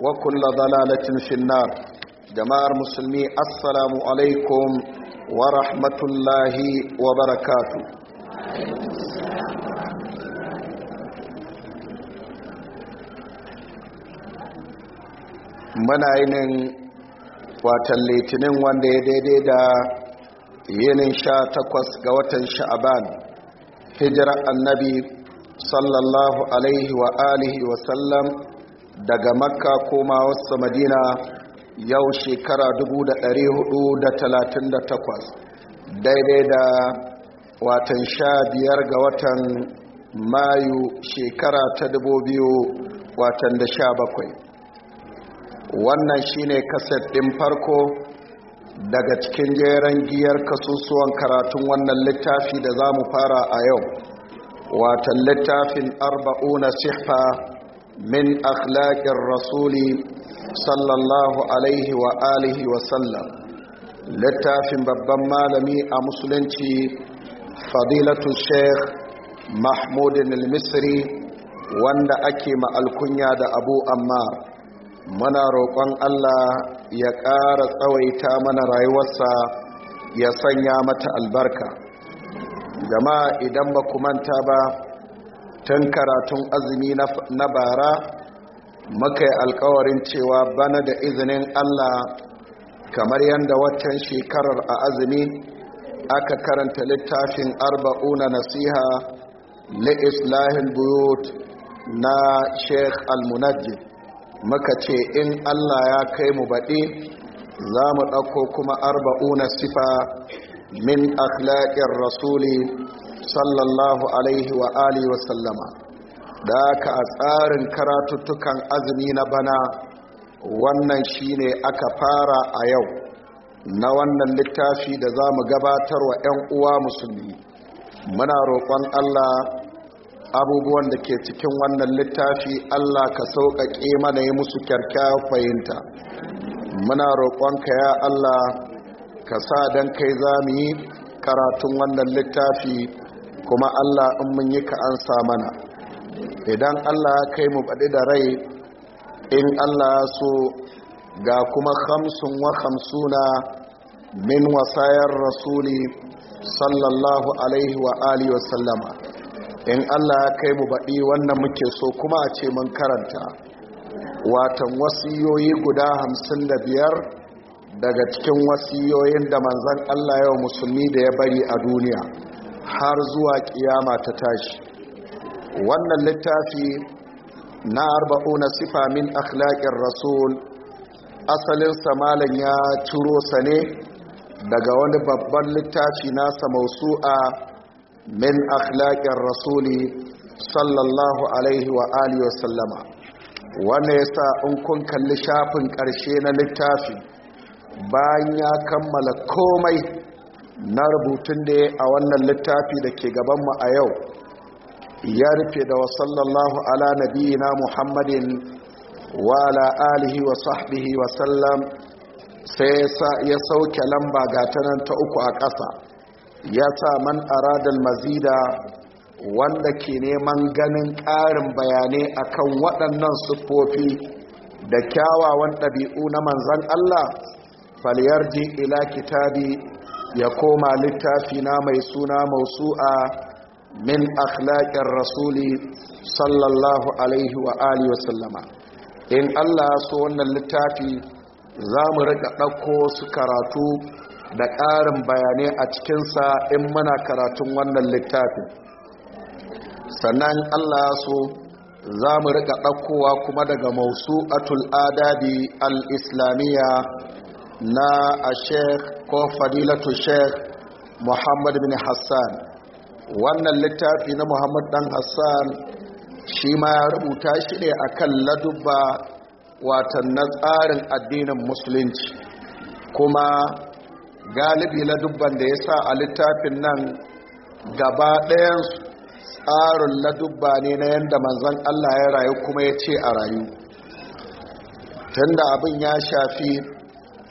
wa kulla dalalatin finnar jama'ar musulmi assalamu alaikum wa rahmatullahi wa barakatu muna yinin watan litinin wanda ya daidai da yinin sha takwas ga watan sha'aban hijirar annabi sallallahu alaihi wa alihi wa daga makka koma wasu madina yau shekara 438 daidai da watan sha biyar ga watan mayu shekara ta 2000 watan da sha bakwai wannan shine kaset ɗin farko daga cikin jeren giyar kasusuwan karatun wannan littafi da za mu fara a yau watan littafin arba'una sihfa من أخلاق الرسول صلى الله عليه وآله وسلم littafin babban malami a musulunci fadilatu sheikh mahmudin al wanda ake ma'alkunya da abu amma muna roƙon allah ya ƙara tsawaita mana rayuwarsa ya sanya mata albarka jama'a idan ba ku manta ba tun karatun azumi na bara muka yi alkawarin cewa bana da izinin allah kamar yadda waccan shekarar a azumi aka karanta littafin arba'una nasiha li'islahin buyut na sheikh al muka ce in allah ya kai mu baɗi za mu ɗauko kuma arba'una sifa min akhlaƙin rasuli sallallahu alaihi wa wa sallama da aka a tsarin karatuttukan azumi na bana wannan shine aka fara a yau na wannan littafi da za mu gabatar wa 'yan uwa musulmi muna roƙon allah abubuwan da ke cikin wannan littafi allah ka sauƙaƙe mana yi musu kyarkyawar fahimta muna roƙonka ya allah ka sa don kai za mu yi karatun wannan littafi kuma Allah in mun yi ka ansa mana idan Allah ya kai mu baɗi da rai in Allah ya so ga kuma hamsin wa hamsuna min wasayar rasuli sallallahu alaihi wa alihi wasallama in Allah ya kai mu baɗi wannan muke so kuma a ce mun karanta watan wasiyoyi guda hamsin da biyar daga cikin wasiyoyin da manzan Allah yau musulmi da ya bari a duniya har zuwa kiyama ta tashi wannan littafi na arba'una sifa min akhlaqir rasul asalin malan ya ciro sa ne daga wani babban littafi na nasa mausu'a min akhlaqir rasuli sallallahu alaihi wa alihi wa sallama yasa in kun kalli shafin karshe na littafi bayan ya kammala komai na rubutun da a wannan littafi da ke gabanmu a yau ya rufe da wasallallahu ala nabiyina muhammadin wa ala alihi wa sahbihi wa sallam sai ya sauke lamba gatanan ta uku a ƙasa ya sa man aradal mazida wanda ke neman ganin ƙarin bayanai akan waɗannan siffofi da kyawawan ɗabi'u na manzan Allah falyarji ila kitabi ya koma littafi na mai suna mausu'a min akhlaqir rasuli sallallahu alaihi wa alihi wasallama in Allah so wannan littafi za mu rika ɗauko su karatu da ƙarin bayanai a cikinsa in muna karatun wannan littafin sannan Allah so za mu rika ɗaukowa kuma daga mausu'atul adabi al-islamiyya na a sheikh ko fadilatu sheikh muhammad bin hassan wannan littafi na muhammad dan hassan shi ma ya rubuta shi ne a kan ladubba watan na tsarin addinin musulunci kuma galibi ladubban da ya sa a littafin nan gaba ɗayan tsarin ladubba ne na yadda manzan allah ya rayu kuma ya ce a rayu tunda abin ya shafi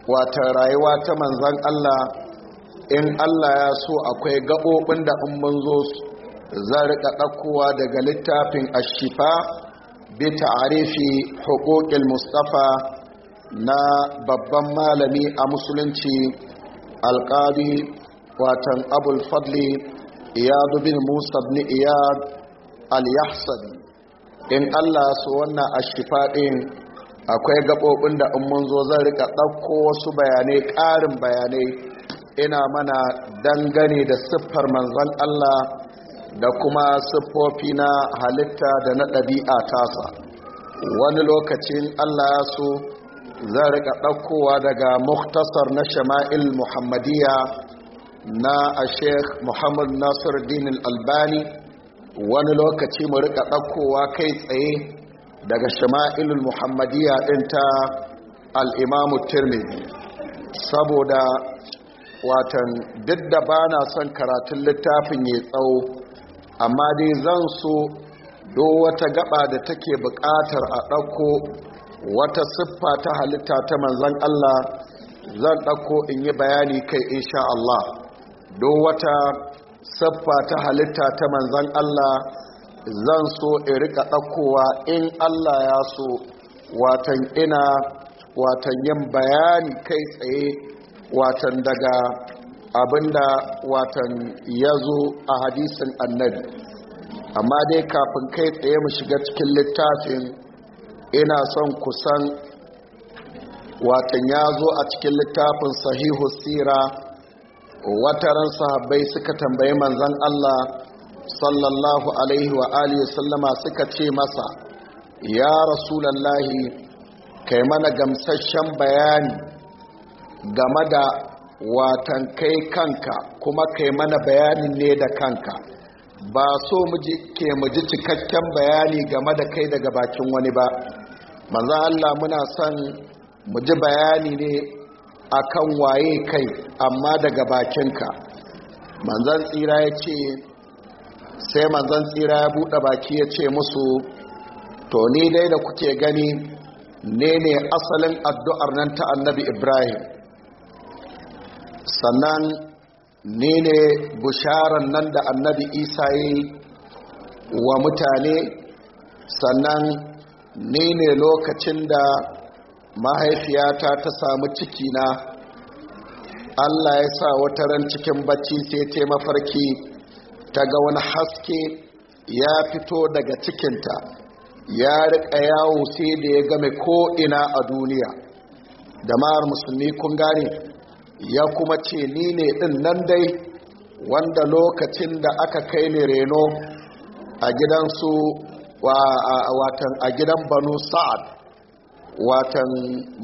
wata rayuwa ta manzan Allah in Allah ya so akwai gaɓoɓin da in mun zo za riƙa ɗakowa daga littafin ashifa bi ta'arifi huquqil mustafa na babban malami a musulunci alƙadi watan abul fadli iyadu bin musa bin iyad al-yahsabi in Allah so wannan ashifa ɗin akwai gaɓoɓin da in mun zo zan rika ɗauko wasu bayanai ƙarin bayanai ina mana dangane da siffar manzon Allah da kuma siffofi na halitta da na ɗabi'a tasa wani lokacin Allah ya so zan rika ɗaukowa daga muktasar na shama'il muhammadiyya na a sheikh muhammad Nasiru dinin albani wani lokaci mu rika ɗaukowa kai tsaye daga shama'ilul muhammadiyya ɗin ta al-imam saboda watan duk da bana son karatun littafin ya tsawo amma dai zan so do wata gaba da take buƙatar a ɗauko wata siffa ta halitta ta manzan Allah zan ɗauko in yi bayani kai in sha Allah do wata siffa ta halitta ta manzan Allah zan so in rika ɗakowa in allah ya so watan ina watan yin bayani kai tsaye watan daga abinda watan ya zo a hadisin annabi amma dai kafin kai tsaye mu shiga cikin littafin ina son kusan watan ya zo a cikin littafin sahihu sira wataran sahabbai suka tambayi manzan allah sallallahu alaihi wa alihi sallama suka ce masa ya rasulallahi kai mana gamsashen bayani game da watan kai kanka kuma kai mana bayanin ne da kanka ba so ke muji cikakken bayani game da kai daga bakin wani ba manzo Allah muna son muji bayani ne akan waye kai amma daga bakinka manzan tsira ya sai manzan tsira ya buɗe baki ya ce musu to ni dai da kuke gani ne ne asalin addu'ar nan ta annabi ibrahim sannan ne ne bisharar nan da annabi isa yi wa mutane sannan ne ne lokacin da mahaifiyata ta samu ciki na allah ya sa wata ran cikin bacci sai ta mafarki ta ga wani haske ya fito daga cikinta ya riƙa yawo sai da ya game ko'ina a duniya da mawar musulmi kun gane ya kuma ce ni ne ɗin nan dai wanda lokacin da aka kai ni reno a gidansu watan a gidan banu sa'ad watan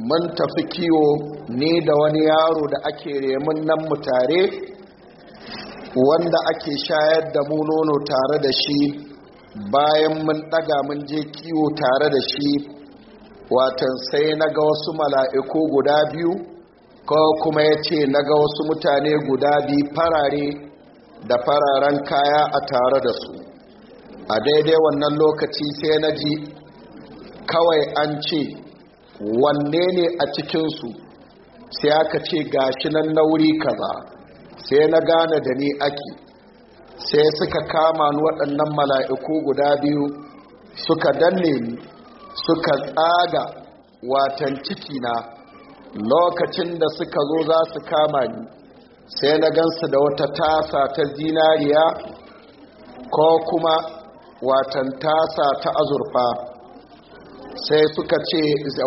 mun tafi kiwo ni da wani yaro da ake remun nan mu tare wanda ake shayar da mu nono tare da shi bayan mun daga mun je kiwo tare da shi watan sai na ga wasu mala'iku guda biyu ko kuma ya ce na ga wasu mutane guda biyu farare da fararen kaya a tare da su a daidai wannan lokaci sai na ji kawai an ce wanne ne a cikinsu sai aka ce gashi nan na wuri ba. sai na gane da ni ake sai suka kama ni waɗannan mala'iku guda biyu suka danne ni suka tsaga watan cikina lokacin da suka zo za su kama ni sai na gansu da wata tasa ta zinariya ko kuma watan tasa ta azurfa sai suka ce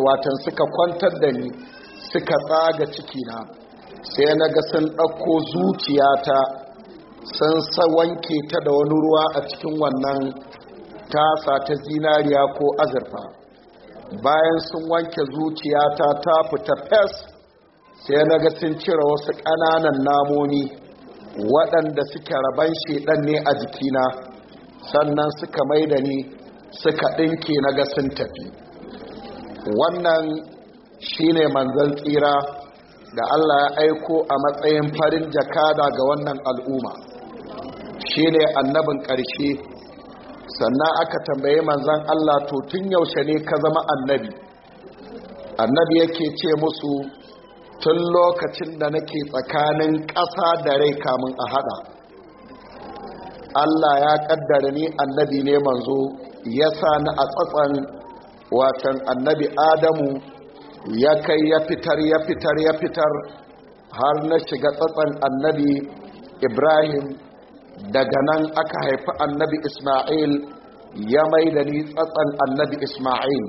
watan suka kwantar da ni suka tsaga cikina sai na ga sun ɗauko zuciyata sun wanke ta da wani ruwa a cikin wannan tasa ta zinariya ko azurfa bayan sun wanke zuciyata ta fita fes sai na ga sun cire wasu ƙananan namoni waɗanda suke raban shedan ne a jikina sannan suka mai da ni suka ɗinke na ga sun tafi wannan shine manzan tsira da Allah ya aiko a matsayin farin jakada ga wannan al'umma shi ne annabin ƙarshe sannan aka tambaye manzon Allah to tun yaushe ne ka zama annabi annabi yake ce musu tun lokacin da nake tsakanin ƙasa da rai kamun a haɗa. Allah ya ƙaddara ni annabi ne manzo ya sa ni a tsatsan watan annabi Adamu ya kai ya fitar ya fitar ya fitar har na shiga tsatsan annabi ibrahim daga nan aka haifi annabi isma'il ya mai da ni tsatsan annabi isma'il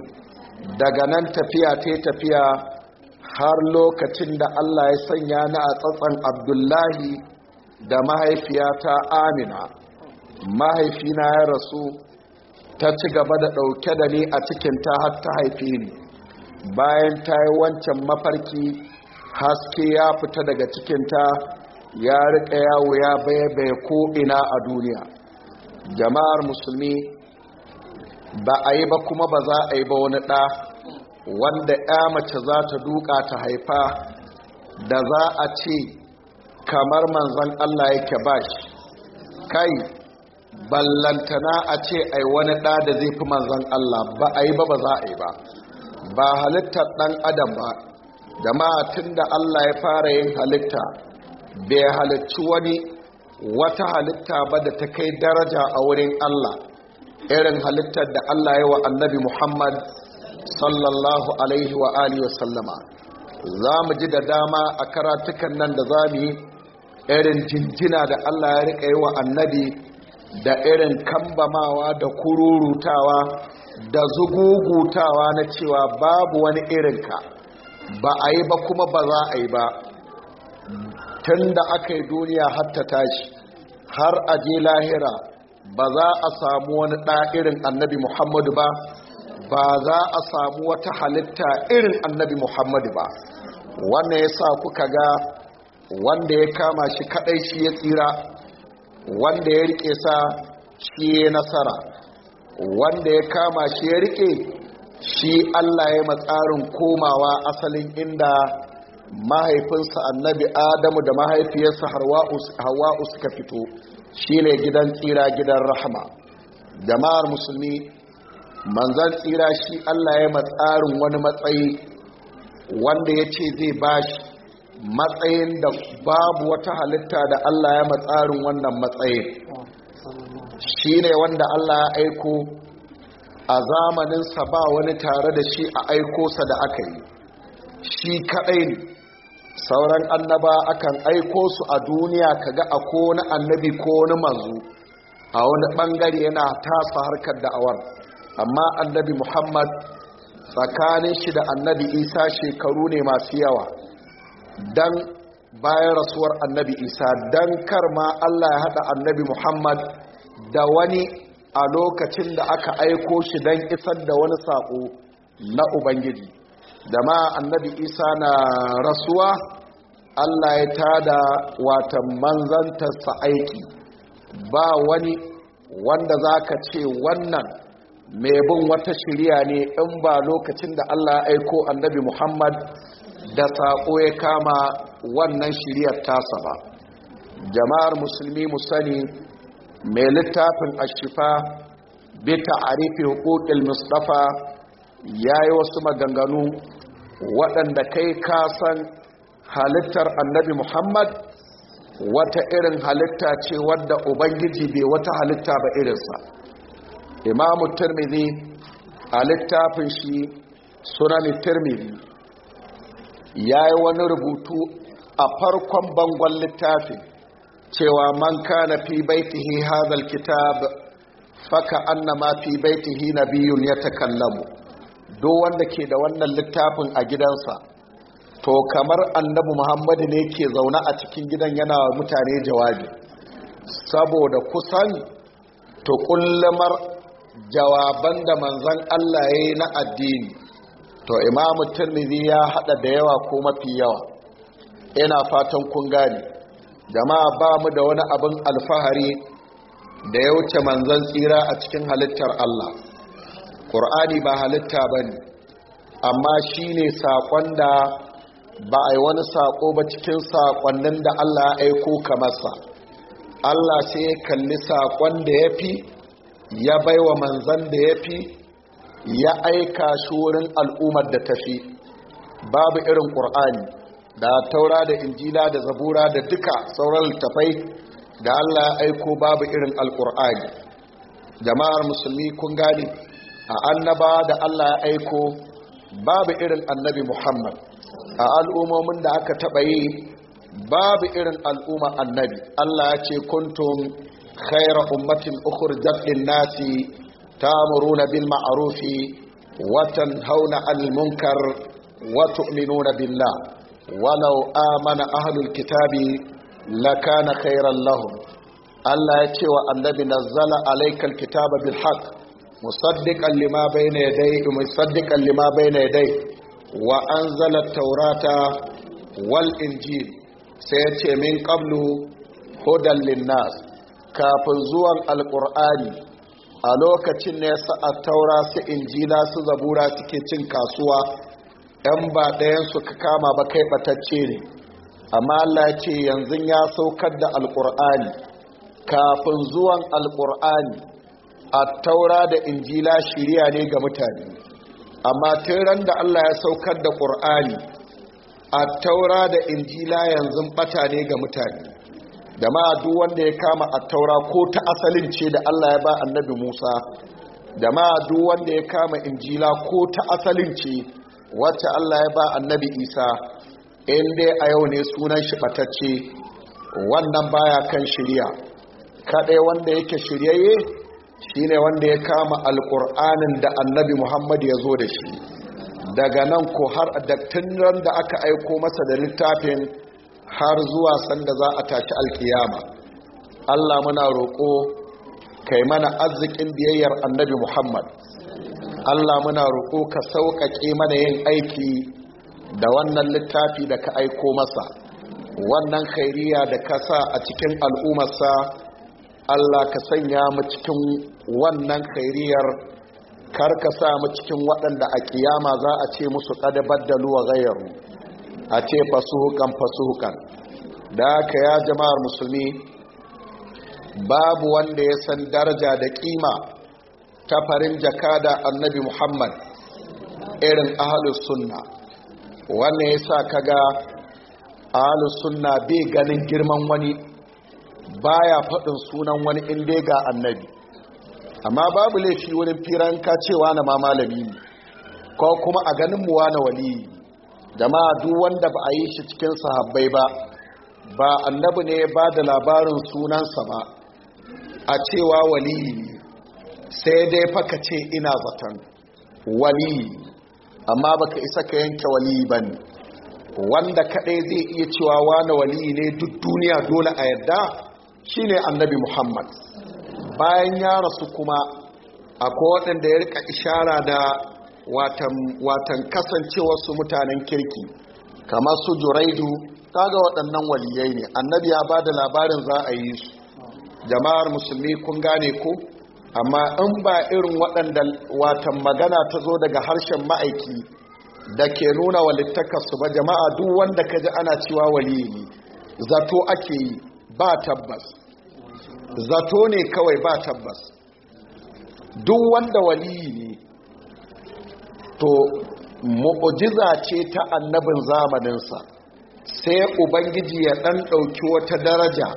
daga nan tafiya ta tafiya har lokacin da allah ya sanya na a tsatsan abdullahi da mahaifiyata amina mahaifina ya rasu ta ci gaba da ɗauke da ni a cikinta har ta haife ni bayan ta yi wancan mafarki haske ya fita daga cikinta ya riƙa yawo ya baibaye ko'ina a duniya jama'ar musulmi ba a yi ba kuma ba za a yi ba wani ɗa wanda ya mace za ta duka ta haifa da za a ce kamar manzan Allah yake ba shi kai ballantana a ce ai wani ɗa da zai fi manzan Allah ba a yi ba ba za a yi ba ba halittar ɗan adam ba da tun da Allah ya fara yin halitta bai halicci wani wata halitta ba da ta kai daraja a wurin Allah irin halittar da Allah ya wa annabi Muhammad sallallahu alaihi wa alihi wa sallama za mu ji da dama a karatukan nan da za mu yi irin jinjina da Allah ya riƙa yi wa annabi da irin kambamawa da kururutawa da zugugutawa na cewa babu wani irinka ba a yi ba kuma ba za a yi ba tun da aka yi duniya hatta tashi har a je lahira ba za a samu wani ɗa'irin annabi muhammadu ba ba za a samu wata halitta irin annabi muhammadu ba wannan ya sa kuka ga wanda ya kama shi kaɗai shi ya tsira wanda ya rike sa shi ya nasara wanda ya kama shi ya rike shi Allah ya matsarin komawa asalin inda mahaifinsa annabi adamu da mahaifiyarsa hawa'u suka fito shi ne gidan tsira gidan rahama jama'ar musulmi manzan tsira shi Allah ya matsarin wani matsayi wanda ya ce zai shi matsayin da babu wata halitta da Allah ya matsarin wannan matsayin shi ne wanda Allah ya aiko a zamaninsa ba wani tare da shi a aikosa da aka yi shi kaɗai ne sauran annaba akan aiko su a duniya kaga a ko wani annabi ko wani manzo a wani ɓangare yana tasa harkar da'awar amma annabi muhammad tsakanin shi da annabi isa shekaru ne masu yawa don bayan rasuwar annabi isa dan kar ma allah ya haɗa annabi muhammad da wani a lokacin da aka aiko shi don isar da wani saƙo na ubangiji da ma annabi isa na rasuwa allah ya tada watan manzantarsa aiki ba wani wanda za ka ce wannan mai bin wata shirya ne in ba lokacin da allah ya aiko annabi muhammad da saƙo ya kama wannan shiryar tasa ba jama'ar musulmi mu sani mai littafin ashifa bi ta'arifi hukukul mustafa yi wasu maganganu waɗanda kai kasan halittar annabi muhammad wata irin halitta ce wadda ubangiji bai wata halitta ba irinsa imamu tirmidhi a littafin shi sunan Ya yi wani rubutu a farkon bangon littafin cewa man kana fi baitihi hadal kitab faka annama fi baitihi nabiyyun yatakallamu Do wanda ke da wannan littafin a gidansa to kamar annabi Muhammadu ne ke zauna a cikin gidan yana mutane jawabi saboda kusan to kullumar jawaban da manzon Allah yi na addini to imamu Tirmidhi ya hada da yawa ko mafi yawa ina fatan kun gane jama'a ba mu da wani abin alfahari da ya wuce manzan tsira a cikin halittar Allah ƙur'ani ba halitta ba ne amma shi ne saƙon da ba a yi wani saƙo ba cikin saƙonnin da Allah ya aiko kamarsa Allah sai ya kalli saƙon da ya fi ya bai wa manzan da ya fi ya aika shi wurin al'ummar da ta fi babu irin ƙur'ani da taura da injila da zabura da duka sauran littafai da Allah ya aiko babu irin alkur'ani jama'ar musulmi kun gane a annaba da Allah ya aiko babu irin annabi Muhammad a al'ummomin da aka taɓa yi babu irin al'umma annabi Allah ya ce kuntum khayra ummatin ukhrijat lin-nasi ta'muruna bil ma'rufi wa tanhauna 'anil munkar wa tu'minuna billah walau amana ahlul kitabi kana khairan lahum Allah ya ce wa annabi nazzala alaykal kitaba bil haqq musaddiqan lima bayna yadayhi musaddiqan lima bayna yadayhi wa anzala at-taurata wal injil sai ya ce min qablu hudan linnas kafin zuwan alqur'ani a lokacin ne sa at-taura su injila su zabura suke cin kasuwa dan ba ɗayansu ka kama ba kai ɓatacce ne amma Allah ce yanzu ya saukar da alƙur'ani kafin zuwan alƙur'ani a taura da injila shirya ne ga mutane amma tun ran da Allah ya saukar da ƙur'ani a taura da injila yanzu ɓata ne ga mutane da ma duk wanda ya kama a taura ko ta asalin ce da Allah ya ba annabi musa da ma duk wanda ya kama injila ko ta asalin ce wacce Allah ya ba annabi Isa in dai a yau ne sunan shi batacce wannan baya kan shirya Kaɗai wanda yake shiryayye shine wanda ya kama Alƙur'anin da annabi Muhammad ya zo da shi daga nan ko har a ran da aka aiko masa da littafin har zuwa sanda za a tashi alkiyama Allah muna roƙo kai mana arzikin biyayyar annabi Muhammad Allah muna roƙo ka sauƙaƙe mana yin aiki da wannan littafi da ka aiko masa wannan khairiya da ka sa a cikin al'umarsa. Allah ka sanya mu cikin wannan khairiyar kar ka sa mu cikin waɗanda a kiyama za a ce musu ƙada baddalu wa ghayru a ce fasuhukan fasuhukan da ka ya jama'ar musulmi babu wanda ya san daraja da kima tafarin jakada annabi muhammad irin ahalus sunna wannan ya sa kaga ahalus sunna bai ganin girman wani baya faɗin sunan wani inda ga annabi amma babu laifi wurin ka cewa na ma malami ne ko kuma a ganin muwa na waliyi jama'a duk wanda ba a yi shi cikin sahabbai ba ba annabi ne ba da labarin sunansa ba a cewa waliyi ne sai dai faka ce ina zaton wali amma baka isa ka yanke wali ba ne wanda kaɗai zai iya cewa wani wali ne duk duniya dole a yadda shine annabi muhammad bayan ya rasu kuma akwai waɗanda ya rika ishara da watan kasancewarsu mutanen kirki kamar su juraidu ga waɗannan waliyai ne annabi ya ba da labarin za a yi su jama'ar musulmi kun gane ku? amma in ba irin waɗanda watan magana ta zo daga harshen ma'aiki da ke nuna walittakarsu ba jama'a duk wanda ka ji ana cewa wali ne zato ake yi ba tabbas zato ne kawai ba tabbas duk wanda wali ne to mu'ujiza ce ta annabin zamaninsa sai ubangiji ya ɗan ɗauki wata daraja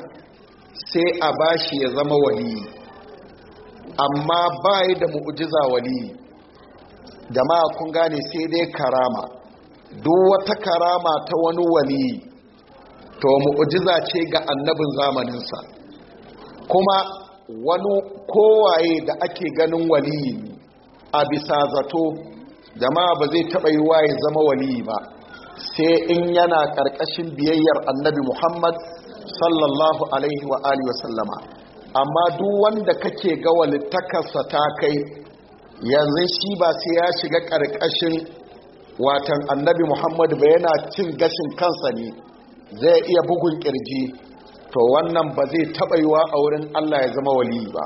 sai a bashi ya zama waliyi amma ba yi da mu'ujiza wali jama'a kun gane sai dai karama duk wata karama ta wani wali to mu'ujiza ce ga annabin zamaninsa kuma wani kowaye da ake ganin wali a bisa zato jama'a ba zai taɓa yi waye zama wali ba sai in yana ƙarƙashin biyayyar annabi muhammad sallallahu alaihi wa alihi wasallama amma duk wanda kake ga walittakarsa ta kai yanzu shi ba sai ya shiga ƙarƙashin watan annabi muhammadu ba yana cin gashin kansa ne zai iya bugun ƙirji to wannan ba zai taɓa wa a wurin allah ya zama wali ba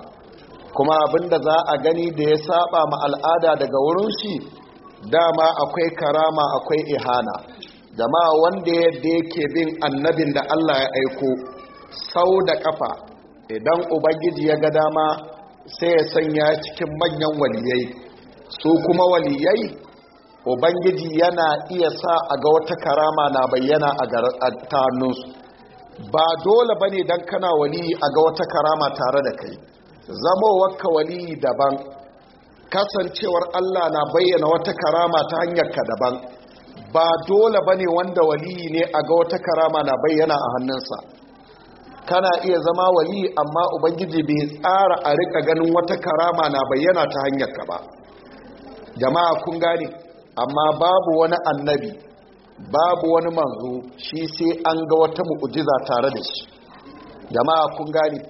kuma abinda za a gani da ya saba ma al'ada daga wurin shi dama akwai karama akwai ihana jama'a wanda yadda yake bin annabin da allah ya aiko sau da ƙafa idan ubangiji ya ga dama sai ya sanya cikin manyan waliyai su kuma waliyai ubangiji yana iya sa a ga wata karama na bayyana a tanunsu ba dole ba ne don kana waliyi a ga wata karama tare da kai zamowarka waliyi daban kasancewar allah na bayyana wata karama ta hanyar ka daban ba dole ba ne wanda waliyi ne a ga wata karama na bayyana a hannunsa kana iya zama wali amma ubangiji bai tsara a rika ganin wata karama na bayyana ta hanyar ka ba jama'a kun gane amma babu wani annabi babu wani manzo shi sai an ga wata mu'ujiza tare da shi jama'a kun gane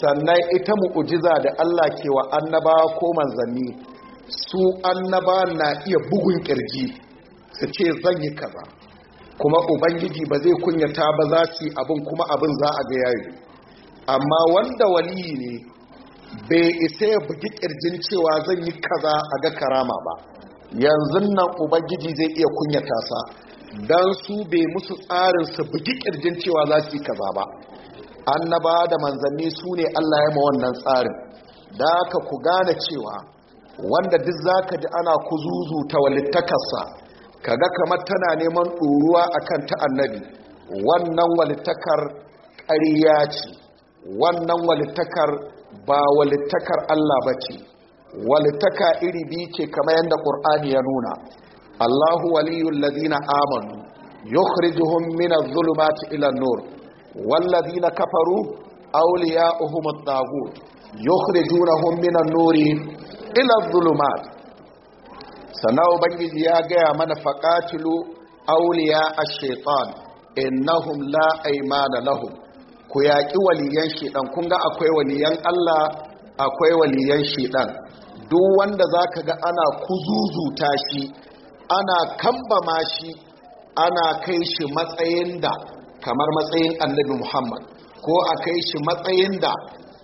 sannan ita mu'jiza da Allah ke wa annabawa ko manzanni su annaba na iya bugun kirji su ce zan yi kaza kuma ubangiji ba zai kunyata ba za su abin kuma abin za a ga yayi amma wanda waliyi ne bai isa ya bugi kirjin cewa zan yi kaza a ga karama ba yanzu nan ubangiji zai iya kunyata sa dan su bai musu tsarin su bugi ƙirjin cewa za su yi kaza ba annaba da manzanni su ne Allah ya ma wannan tsarin da aka ku gane cewa wanda duk za ka ji ana kuzuzu ta walittakarsa kaga kamar tana neman ɗoruwa akan ta annabi wannan walittakar ƙarya ce wannan walittakar ba walittakar Allah ba ce walittaka iri biyu ce kamar yadda ƙur'ani ya nuna Allahu waliyun lazina amanu yukhrijuhum min adh-dhulumati ila an-nur wal ladina kafaru awliya'uhum at-taghut yukhrijunahum min an-nuri ila adh sana ubangiji ya gaya mana faƙatilu auliya a shaitan innahum la aimana lahum ku yaƙi waliyan shaitan kun ga akwai waliyan allah akwai waliyan shaitan duk wanda za ka ga ana kuzuzuta shi ana kambama shi ana kai shi matsayin da kamar matsayin annabi muhammad ko a kai shi matsayin da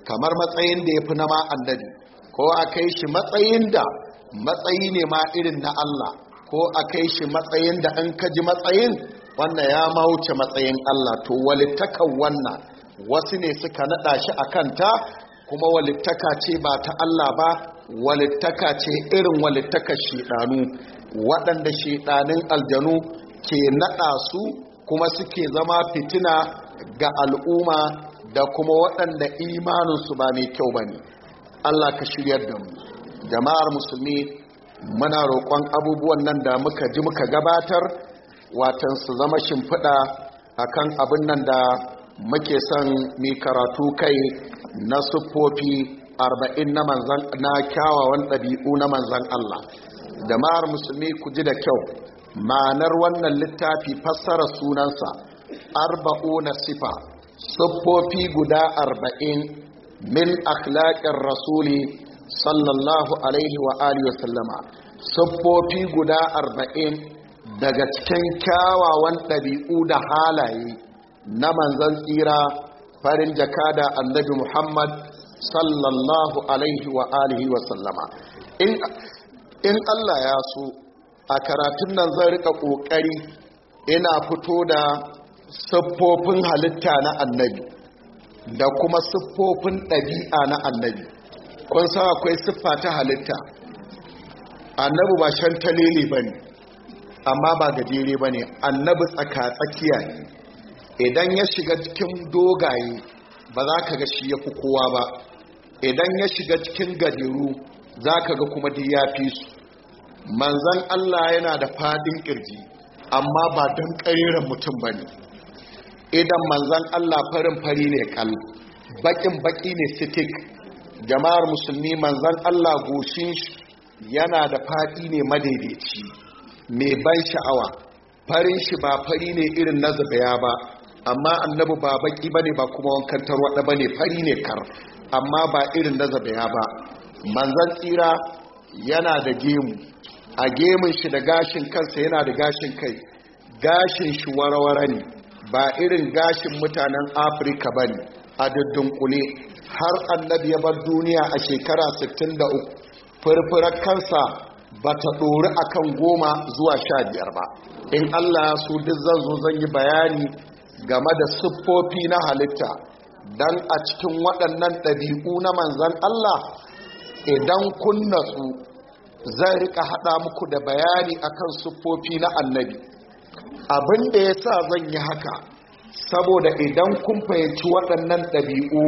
kamar matsayin da ya fi nama annabi ko a kai shi matsayin da matsayi ne ma irin na Allah ko a kai shi matsayin da an kaji matsayin wannan ya ma matsayin Allah to walittakan wannan wasu ne suka nada shi a kanta kuma walittaka ce ba ta Allah ba walittaka ce irin walittaka shiɗanu waɗanda shiɗanin aljanu ke nada su kuma suke zama fitina ga al'umma da kuma waɗanda imaninsu ba mai kyau ba ne Allah ka shiryar da mu jama'ar musulmi muna roƙon abubuwan nan da muka ji muka gabatar watan su zama shimfiɗa a kan abin nan da muke son mi karatu kai na siffofi arba'in na manzan na kyawawan ɗabi'u na manzan Allah jama'ar musulmi ku ji da kyau ma'anar wannan littafi fassara sunansa arba'u na sifa siffofi guda arba'in min akhlaƙin rasuli sallallahu alaihi wa wa sallama siffofi guda arba'in daga cikin kyawawan ɗabi'u da halaye na manzan tsira farin jakada annabi muhammad sallallahu alaihi wa wa sallama in allah ya so a karatun nan zan rika ƙoƙari ina fito da siffofin halitta na annabi da kuma siffofin ɗabi'a na annabi kun sa akwai siffa ta halitta annabi ba shantalele ba ne amma ba gajere ba ne annabi tsaka-tsakiya ne idan ya shiga cikin dogaye ba za ka ga shi ya fi kowa ba idan ya shiga cikin gajeru za ka ga kuma da ya fi su manzan allah yana da fadin kirji amma ba don ƙariran mutum ba ne idan manzan allah farin fari ne kal bakin baki ne sitik jama'ar musulmi manzan Allah goshin yana da faɗi ne madaidaici mai ban sha'awa farin shi ba fari ne irin na zubaya ba amma annabu ba baki bane ba kuma wankan tarwada bane fari ne kar amma ba irin na zubaya ba manzan tsira yana da gemu a gemun shi da gashin kansa yana da gashin kai gashin shi warware ne ba irin gashin mutanen afirka ba ne a duddun kule har annabi ya bar duniya a shekara 63 furfurar kansa ba ta ɗori a kan goma zuwa sha biyar ba in allah su duk zan zo zan yi bayani game da siffofi na halitta don a cikin waɗannan ɗabi'u na manzan allah idan kun natsu zan rika haɗa muku da bayani akan siffofi na annabi abin da ya sa zan yi haka saboda idan kun fahimci waɗannan ɗabi'u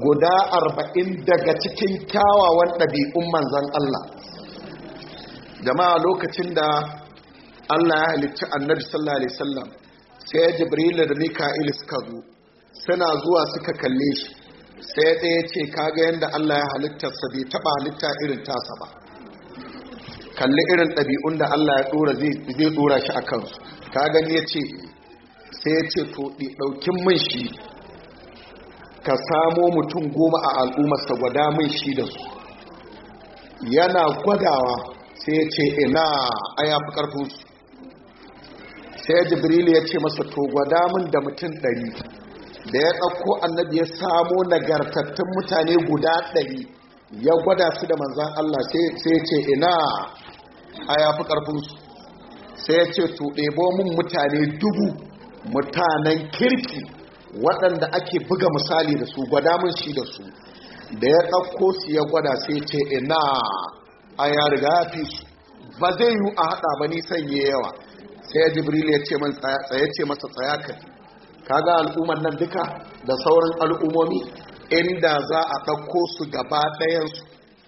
guda arba'in daga cikin kyawawan ɗabi'un manzan Allah jama'a lokacin da Allah ya halitta annabi sallallahu alaihi wasallam sai jibril da mika'il suka zo suna zuwa suka kalle shi sai ɗaya ce kaga yadda Allah ya halittarsa bai taɓa halitta irin tasa ba kalli irin ɗabi'un da Allah ya ɗora zai ɗora shi a kansu ka gani ya ce sai ya ce to ɗaukin mun shi ka samo mutum goma a al'ummarsa gwada mai shi da su yana gwadawa sai ya ce ina a ya fi ƙarfinsu sai jibril ya ce masa to gwada min da mutum ɗari da ya ɗauko annabi ya samo nagartattun mutane guda ɗari ya gwada su da manzan Allah sai ya ce ina a ya fi ƙarfinsu sai ya ce to ɗebo mun mutane dubu mutanen kirki waɗanda ake buga misali da su gwada mun shi da su da ya ɗauko su ya gwada sai ce ina a ya riga fi su ba zai yi a haɗa ba nisan ya yawa sai ya jibril ya ce tsaye masa tsaya ka ga al'ummar nan duka da sauran al'ummomi inda za a ɗauko su gaba ɗayansu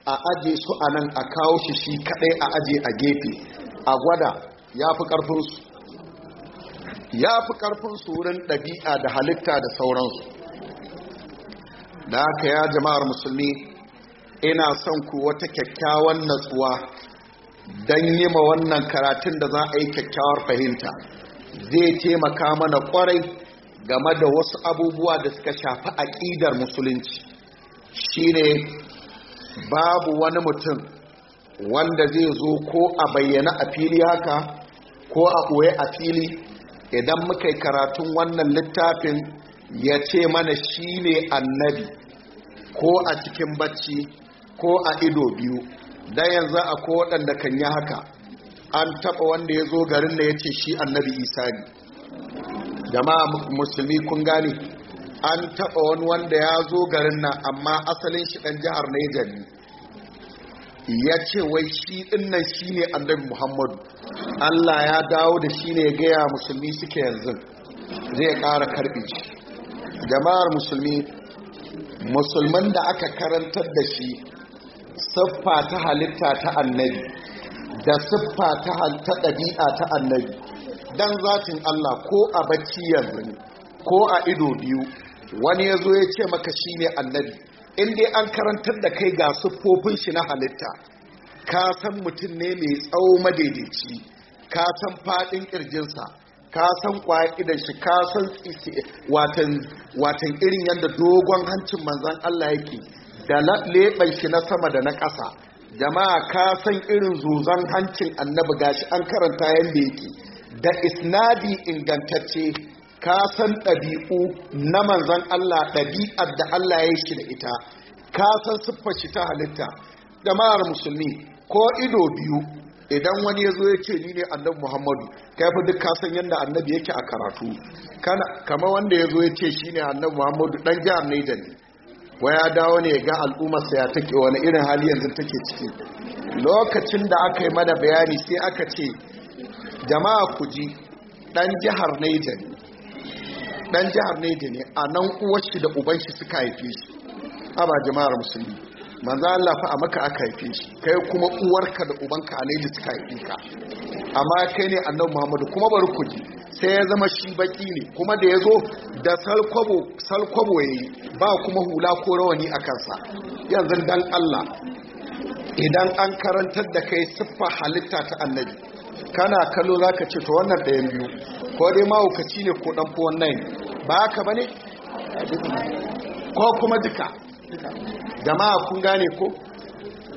a aje su a nan a kawo shi shi kaɗai a aje a gefe a gwada ya fi ƙarfinsu ya fi karfin tsoron ɗabi'a da halitta da sauransu da aka ya jama'ar musulmi ina son ku wata kyakkyawan natsuwa don yi ma wannan karatun da za a yi kyakkyawar fahimta zai taimaka mana kwarai game da wasu abubuwa da suka shafi aƙidar musulunci shine babu wani mutum wanda zai zo ko a bayyana a fili haka ko a ɓoye a fili idan muka yi karatun wannan littafin ya ce mana shi ne annabi ko a cikin bacci ko a ido biyu don yanzu a ko waɗanda kan yi haka an taɓa wanda ya zo garin da ya ce shi annabi isa ne jama'a musulmi kun gane an taɓa wani wanda ya zo garin nan amma asalin shi ɗan jihar Neja ne ya ce wai shi dinnan shine annabi muhammadu allah ya dawo da shi ne ya gaya musulmi suke yanzu zai ƙara karɓi jama'ar musulmi musulman da aka karantar da shi siffa ta halitta ta annabi da siffa ta ɗabi'a ta annabi don zatin allah ko a bacci yanzu ko a ido biyu wani ya zo ya ce maka shine ne annabi in dai an karantar da kai ga siffofin shi na halitta ka san mutum ne mai tsawo madaidaici ka san faɗin ƙirjinsa ka san ƙwa'idan shi ka san watan irin yadda dogon hancin manzan Allah yake da leɓen shi na sama da na ƙasa jama'a ka san irin zuzan hancin annabi gashi an karanta yadda yake da isnadi ingantacce ka san ɗabi'u na manzan Allah ɗabi'ar da Allah ya yi shi da ita ka san siffar ta halitta jama'ar musulmi ko ido biyu idan wani ya zo ya ce ni ne annabi muhammadu kai fi duk kasan yadda annabi yake a karatu kama wanda ya zo ya ce shi ne annabi muhammadu ɗan jihar Naija ne waya dawo ne ga al'ummarsa ya take wani irin hali yanzu take ciki lokacin da aka yi mana bayani sai aka ce jama'a ku ji ɗan jihar Naija ne dan jihar da ne a nan uwar shi da uban shi suka haife shi aba jama'ar musulmi manzo Allah fa a maka aka haife shi kai kuma uwarka da ubanka a Neja suka haife ka amma kai ne annabi Muhammadu kuma bari ku ji sai ya zama shi baki ne kuma da yazo da salkwabo salkwabo yayi ba kuma hula ko rawani a kansa yanzu dan Allah idan an karantar da kai siffa halitta ta annabi kana kallo za ka ce to wannan ɗayan biyu ko dai mahaukaci ne ko ɗan fuwan nai ba haka ba ko kuma duka jama'a kun gane ko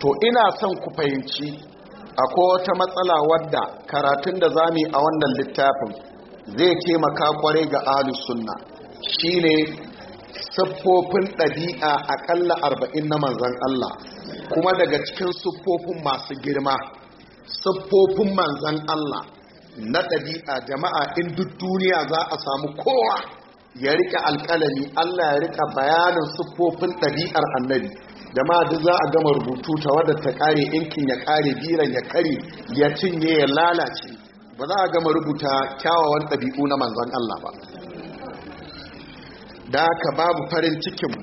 to ina son ku fahimci akwai wata matsala wadda karatun da za mu yi a wannan littafin zai taimaka kwarai ga ahlus sunna shine siffofin ɗabi'a aƙalla arba'in na Manzon Allah kuma daga cikin siffofin masu girma siffofin manzan Allah na ɗabi'a jama'a in duk duniya za a samu kowa ya rika alƙalami Allah ya rika bayanin siffofin ɗabi'ar annabi jama'a duk za a gama rubutu ta wadda ta ƙare inkin ya kare biran ya kare ya cinye ya lalace ba za a gama rubuta kyawawan ɗabi'u na manzan Allah ba da aka babu farin cikin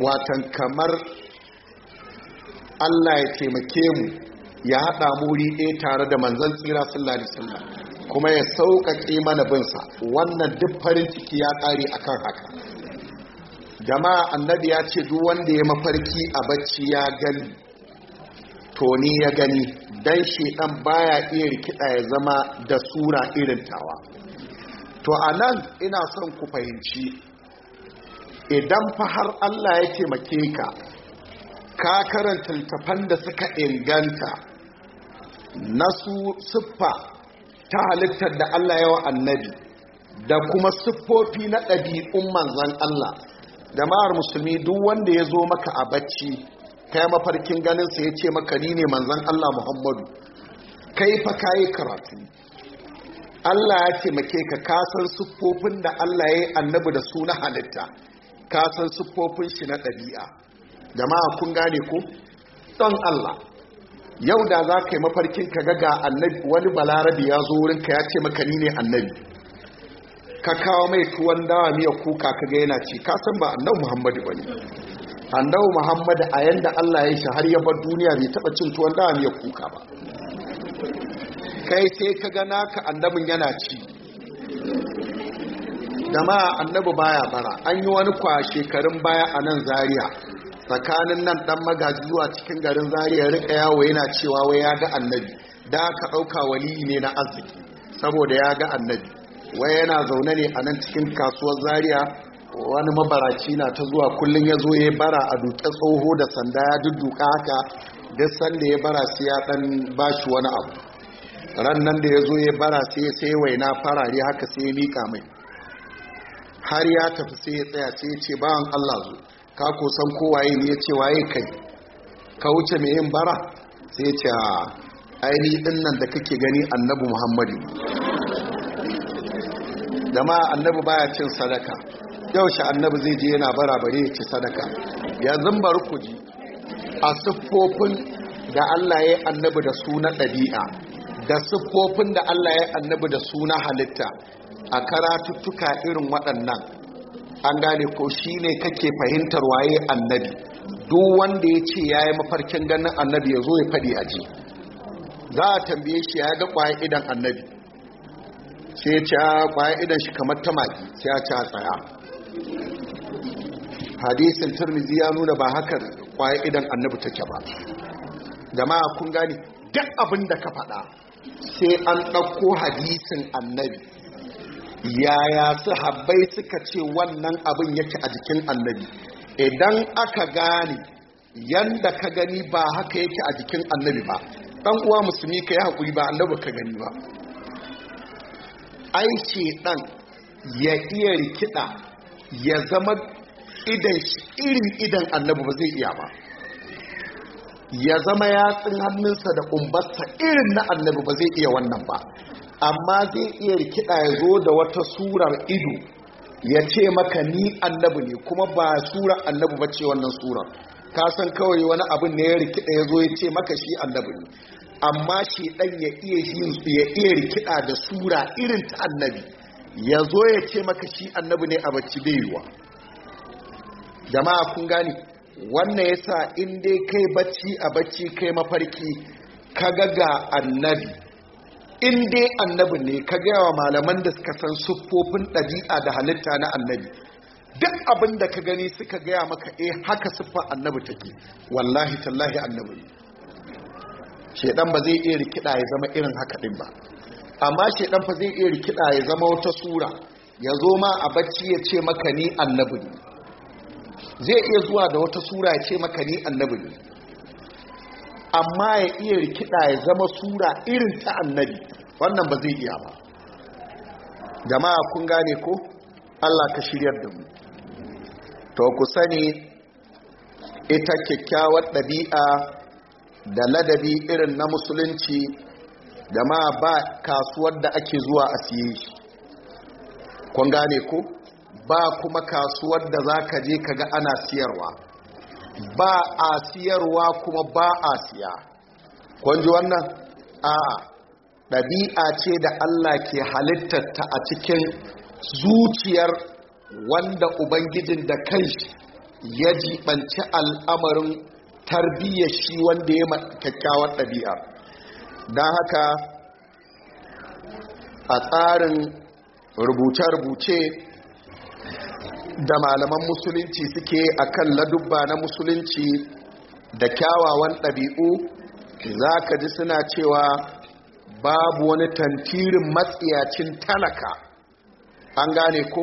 watan kamar Allah ya taimake mu ya haɗa muri ɗaya tare da manzan tsira sallari sallar kuma ya sauƙaƙe mana binsa wannan duk farin ciki ya ƙare kan haka jama'a annabi ya ce duk wanda ya mafarki a bacci ya gani to ni ya gani dan shedan baya iya rikida ya zama da sura irin tawa to a nan ina son ku fahimci idan fa har Allah ya taimake ka ka karanta littafan da suka inganta na su siffa ta halittar da Allah yawa annabi da kuma siffofi na ɗabi'un manzan Allah jama'ar musulmi duk wanda ya zo maka a bacci kai mafarkin ganinsa ya ce maka ni ne manzan Allah Muhammadu kai fa kayi karatu Allah ya taimake ka kasan siffofin da Allah ya yi annabi da su na halitta kasan siffofin shi na ɗabi'a jama'a kun gane ko don Allah yau da za ka yi mafarkin ka ga annabi wani balarabi ya zo wurinka ya ce maka ni ne annabi ka kawo mai tuwon dawa miya kuka ka ga yana ci ka san ba annabi muhammadu ba ne annabi muhammadu a yanda allah ya shi har ya bar duniya bai taba cin tuwon dawa miya kuka ba kai sai ka gana ka annabin yana ci da ma annabi baya bara an yi wani kwa shekarun baya a nan Zariya. tsakanin nan dan magaji zuwa cikin garin zariya rika yawo yana cewa wai ya ga annabi da aka ɗauka waliyi ne na arziki saboda ya ga annabi wai yana zaune ne a nan cikin kasuwar zariya wani mabaraci na ta zuwa kullum ya zo ya bara a duke tsoho da sanda ya dudduka haka duk sanda ya bara sai ya dan bashi wani abu ran nan da ya zo ya bara sai ya sai waina farare haka sai ya mika mai har ya tafi sai ya tsaya sai ya ce bawan Allah zo ka kusan kowaye ne ya ce waye kai ka wuce mai yin bara sai ya ce a aini nan da kake gani annabi muhammadu da annabi baya cin sadaka yaushe annabi zai je yana bara bare ya ci sadaka ya bari kuji a siffofin da Allah ya annabi da su ɗabi'a da siffofin da Allah ya annabi da suna halitta a karatuttuka irin waɗannan an gane ko shi ne kake fahimtar waye annabi duk wanda ya ce ya yi mafarkin ganin annabi ya zo ya faɗi a ji za a tambaye shi ya ga ƙwaya idan annabi sai ya ce ƙwaya idan shi kamar maki sai ya ce a tsaya hadisin turmizi ya nuna ba hakan ƙwaya idan annabi take ba jama'a kun gane duk abin da ka faɗa sai an ɗauko hadisin annabi yaya su habbai suka ce wannan abin yake a jikin annabi idan aka gane yanda ka gani ba haka yake a jikin annabi ba dan uwa musulmi ka yi haƙuri ba annabi ka gani ba ai ce dan ya iya rikida ya zama idan irin idan annabi ba zai iya ba ya zama yatsun hannunsa da umbarsa irin na annabi ba zai iya wannan ba amma zai iya rikida ya zo da wata surar ido ya ce maka ni annabi ne kuma ba surar annabi ba ce wannan surar ka san kawai wani abin ne ya rikida ya zo ya ce maka shi annabi ne amma shi dan ya iya ya iya rikida da sura irin ta annabi ya zo ya ce maka shi annabi ne a bacci baiwa jama'a kun gane wannan yasa in dai kai bacci a bacci kai mafarki ka ga ga annabi in dai annabi ne ka gaya wa malaman da suka san siffofin ɗabi'a da halitta na annabi duk abin da ka gani suka gaya maka eh haka siffar annabi take wallahi tallahi annabi ne shaidan ba zai iya rikida ya zama irin haka din ba amma shaidan fa zai iya rikida ya zama wata sura ya zo ma a bacci ya ce maka ni annabi ne zai iya zuwa da wata sura ya ce maka ni annabi ne amma ya iya rikida ya zama sura irin ta annabi wannan ba zai iya ba jama'a kun gane ko Allah ka shiryar da mu to ku sani ita kyakkyawar ɗabi'a da ladabi irin na musulunci jama'a ba kasuwar da ake zuwa a siye shi kun gane ko ba kuma kasuwar da za ka je ka ga ana siyarwa ba a siyarwa kuma ba a siya kwanji wannan a ɗabi'a ce da Allah ke halittarta a cikin zuciyar wanda ubangijin da kai ya jibanci al'amarin tarbiyyar shi wanda ya kyakkyawar ɗabi'a don haka a tsarin rubuce-rubuce da malaman musulunci suke a kan ladubba na musulunci da kyawawan ɗabi'u za ka ji suna cewa babu wani tantirin matsiyacin talaka an gane ko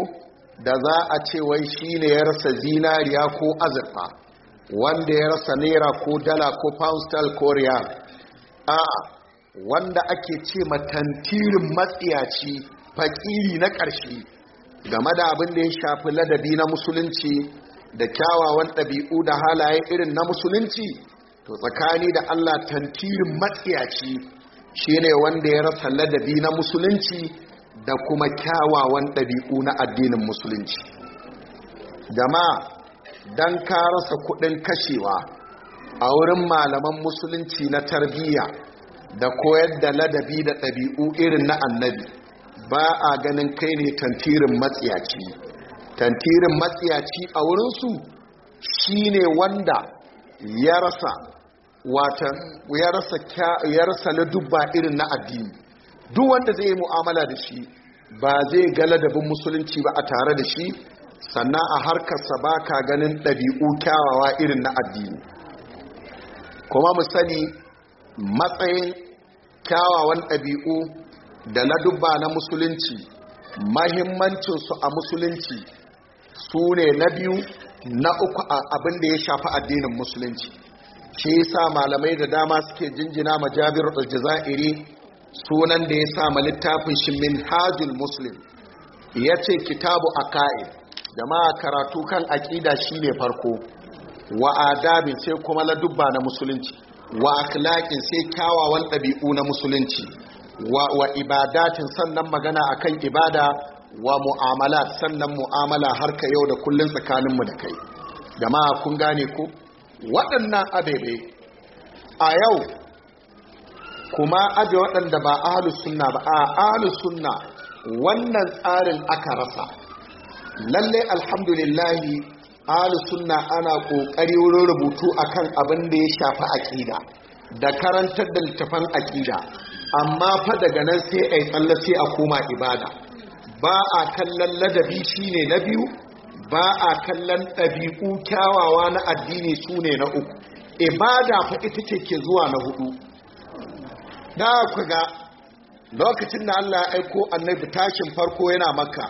da za a ce wai shi ne ya rasa zinariya ko azurfa wanda ya rasa naira ko dala ko pound ko riyal a wanda ake ce matantirin matsiyaci fakiri na ƙarshe game da abin da ya shafi ladabi na musulunci da kyawawan ɗabi'u da halaye irin na musulunci to tsakani da Allah tantirin matsiyaci ne wanda ya rasa ladabi na musulunci da kuma kyawawan ɗabi'u na addinin musulunci jama'a don ka rasa kuɗin kashewa a wurin malaman musulunci na tarbiyya da koyar da ladabi da ɗabi'u irin na annabi ba a ganin kai ne tantirin matsiyaci tantirin matsiyaci a wurinsu shi ne wanda ya rasa watan ya rasa na dubba irin na addini duk wanda zai yi mu'amala da shi ba zai gala da bin musulunci ba a tare da shi sannan a harkarsa ba ka ganin ɗabi'u kyawawa irin na addini kuma mu sani matsayin kyawawan ɗabi'u da na dubba na musulunci mahimmancinsu a musulunci su ne na biyu na uku a abin da ya shafi addinin musulunci shi sa malamai da dama suke jinjina ma jazairi aljazairi sunan da ya sa ma littafin shi min hajjul musulun ya ce kitabu a aka'i jama'a karatu kan aƙida ne farko wa adabin sai kuma dubba na musulunci wa akhlaqin sai kyawawan ɗabi'u na musulunci wa ibadatin sannan magana akan ibada wa mu'amala sannan mu'amala har ka yau da kullun tsakaninmu da kai jama'a kun gane ku waɗannan abebe a yau kuma aje waɗanda ba ahlus sunna ba a ahlus sunna wannan tsarin aka rasa lalle alhamdulillahi ahlus sunna ana kokari wurin rubutu akan abin da ya shafi aqida da karantar da littafan aqida amma fa daga nan sai a yi tsalle a koma ibada ba a kallon ladabi shine na biyu ba a kallon ɗabi'u kyawawa na addini sune na uku ibada fa ita ce ke zuwa na hudu da ku ga lokacin da Allah ya aiko annabi tashin farko yana makka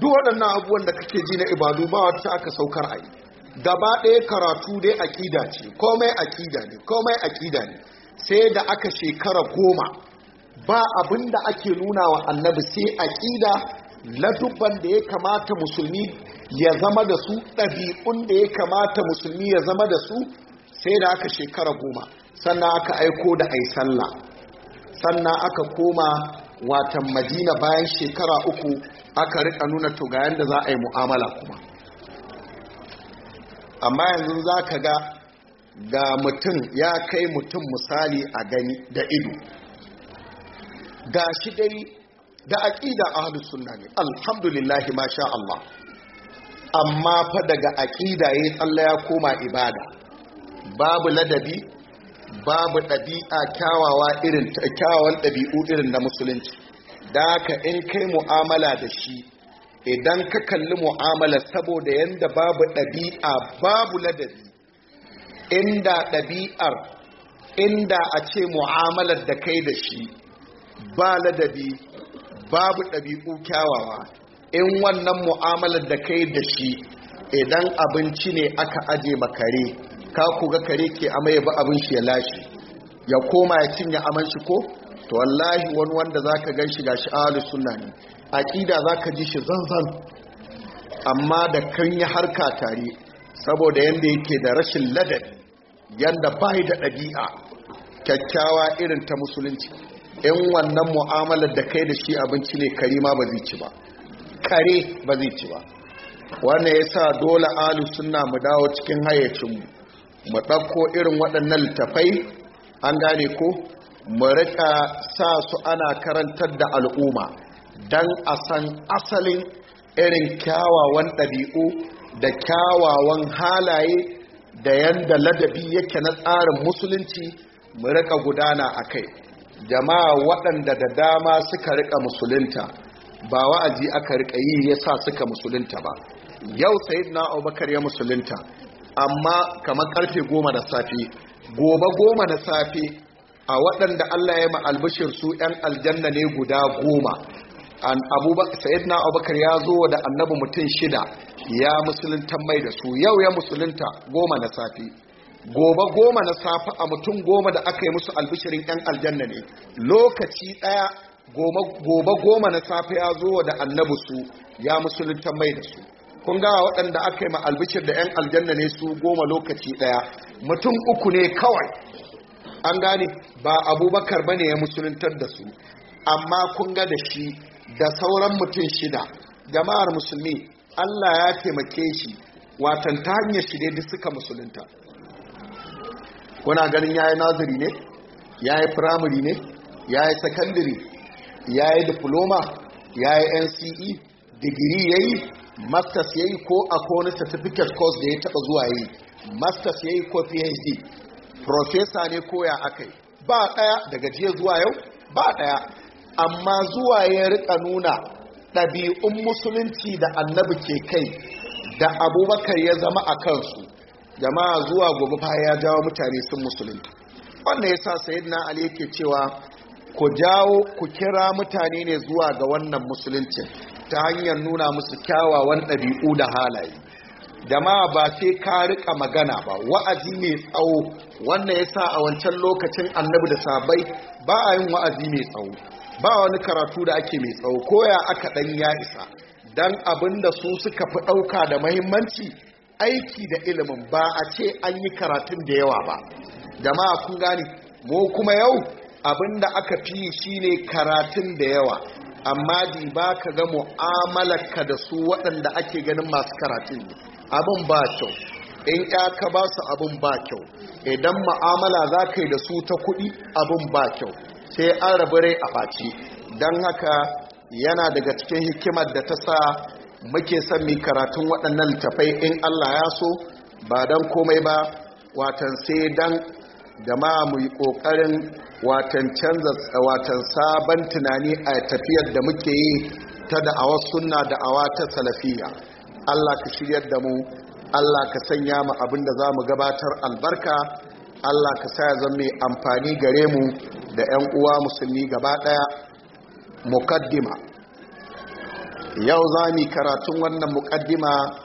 duk waɗannan abubuwan da kake ji na ibadu ba wata aka saukar ai Da gaba ɗaya karatu dai aƙida ce komai akida ne komai akida ne sai da aka shekara goma ba abin da ake nuna wa annabi sai aƙida dubban da ya kamata musulmi ya zama da su ɗabi'un da ya kamata musulmi ya zama da su sai da aka shekara goma sannan aka aiko da ai sallah sannan aka koma watan madina bayan shekara uku aka rika nuna to ga za a yi mu'amala kuma amma yanzu za ka ga ga mutum ya kai mutum misali a gani da ido ga shi dai da aƙida ahlus sunna ne alhamdulillah ma sha Allah amma fa daga aƙida yayin Allah ya koma ibada babu ladabi babu ɗabi'a kyawawa irin kyawawan ɗabi'u irin na musulunci da ka in kai mu'amala da shi idan ka kalli mu'amala saboda yanda babu ɗabi'a babu ladabi inda ɗabi'ar inda a ce mu'amalar da kai da shi ba ladabi babu ɗabi'u kyawawa in wannan mu'amalar da kai da shi idan abinci ne aka aje makare ka kuga kare ke amai ba abin shi ya lashe ya koma ya cinye aman shi ko to wallahi wani wanda zaka gan shi gashi ahlus sunna ne aqida zaka ji shi zanzan amma da kan yi harka tare saboda yanda yake da rashin ladabi yanda bai da ɗabi'a kyakkyawa irin ta musulunci in wannan mu'amalar da kai da shi abinci ne kare ma ba zai ci ba kare ba zai ci ba wannan ya sa dole alu suna mu dawo cikin hayyacin mu mu ɗauko irin waɗannan littafai an gane ko mu rika sa su ana karantar da al'umma don a san asalin irin kyawawan ɗabi'u da kyawawan halaye da yanda ladabi yake na tsarin musulunci mu rika gudana a kai jama'a waɗanda da dama suka rika musulunta ba wa'azi aka rika yi ya sa suka musulunta ba yau sayid na abubakar ya musulunta amma kamar karfe goma da safe gobe goma da safe a waɗanda allah ya ma albishir su 'yan aljanna ne guda goma sayidina abubakar ya zo da annabi mutum shida ya musulunta mai da su yau ya musulunta goma na safe. gobe goma na safa a mutum goma da aka yi musu albishirin 'yan aljanna ne lokaci ɗaya gobe goma na safe ya zo da annabu su ya musulunta mai da su kun gawa waɗanda aka yi ma albishir da 'yan aljanna ne su goma lokaci ɗaya mutum uku ne kawai an gane ba abubakar ba ne ya musuluntar da su amma kun ga da shi da sauran mutum shida jama'ar musulmi allah ya taimake shi watan ta hanyar shi dai duk suka musulunta kuna ganin ya yi naziri ne ya yi primary ne ya yi yayi ya yi diploma ya yi NCE digiri ya yi, masters ya yi, ko kone certificate course da ya taba zuwa yi, masters ya yi ko PhD professor ne koya yi. ba daya daga jiya zuwa yau ba daya amma zuwa ya rika nuna ɗabi'un musulunci da annabi ke kai da abubakar ya zama a kansu jama'a zuwa gobe fa ya jawo mutane sun musulunta wannan yasa sayyidina ali yake cewa ku jawo ku kira mutane ne zuwa ga wannan musulunci ta hanyar nuna musu kyawawan ɗabi'u da halaye jama'a ba sai ka rika magana ba wa'azi mai tsawo wannan yasa a wancan lokacin annabi da sabai ba a yin wa'azi mai tsawo ba wani karatu da ake mai tsawo koya aka ɗan ya isa dan abin da su suka fi ɗauka da mahimmanci aiki da ilimin ba a ce an yi karatun da yawa ba jama'a kun gani mu kuma yau abinda aka fi shine karatun da yawa amma jiba ba ka ga mu'amalarka da su waɗanda ake ganin masu karatun ne abin ba kyau in ya ka ba su abin ba kyau idan mu'amala za ka yi da su ta kuɗi abin ba kyau sai an rabu rai a ɓaci don haka yana daga cikin hikimar da ta sa muke son mi karatun waɗannan littafai in Allah ya so ba don komai ba watan sai don ma mu yi ƙoƙarin watan canza watan sabon tunani a tafiyar da muke yi ta da'awar sunna da'awa ta salafiya Allah ka shiryar da mu Allah ka sanya mu abin da za mu gabatar albarka Allah ka sa ya zama amfani gare mu da 'yan uwa musulmi gaba ɗaya mukaddima yau za mu karatun wannan muƙaddima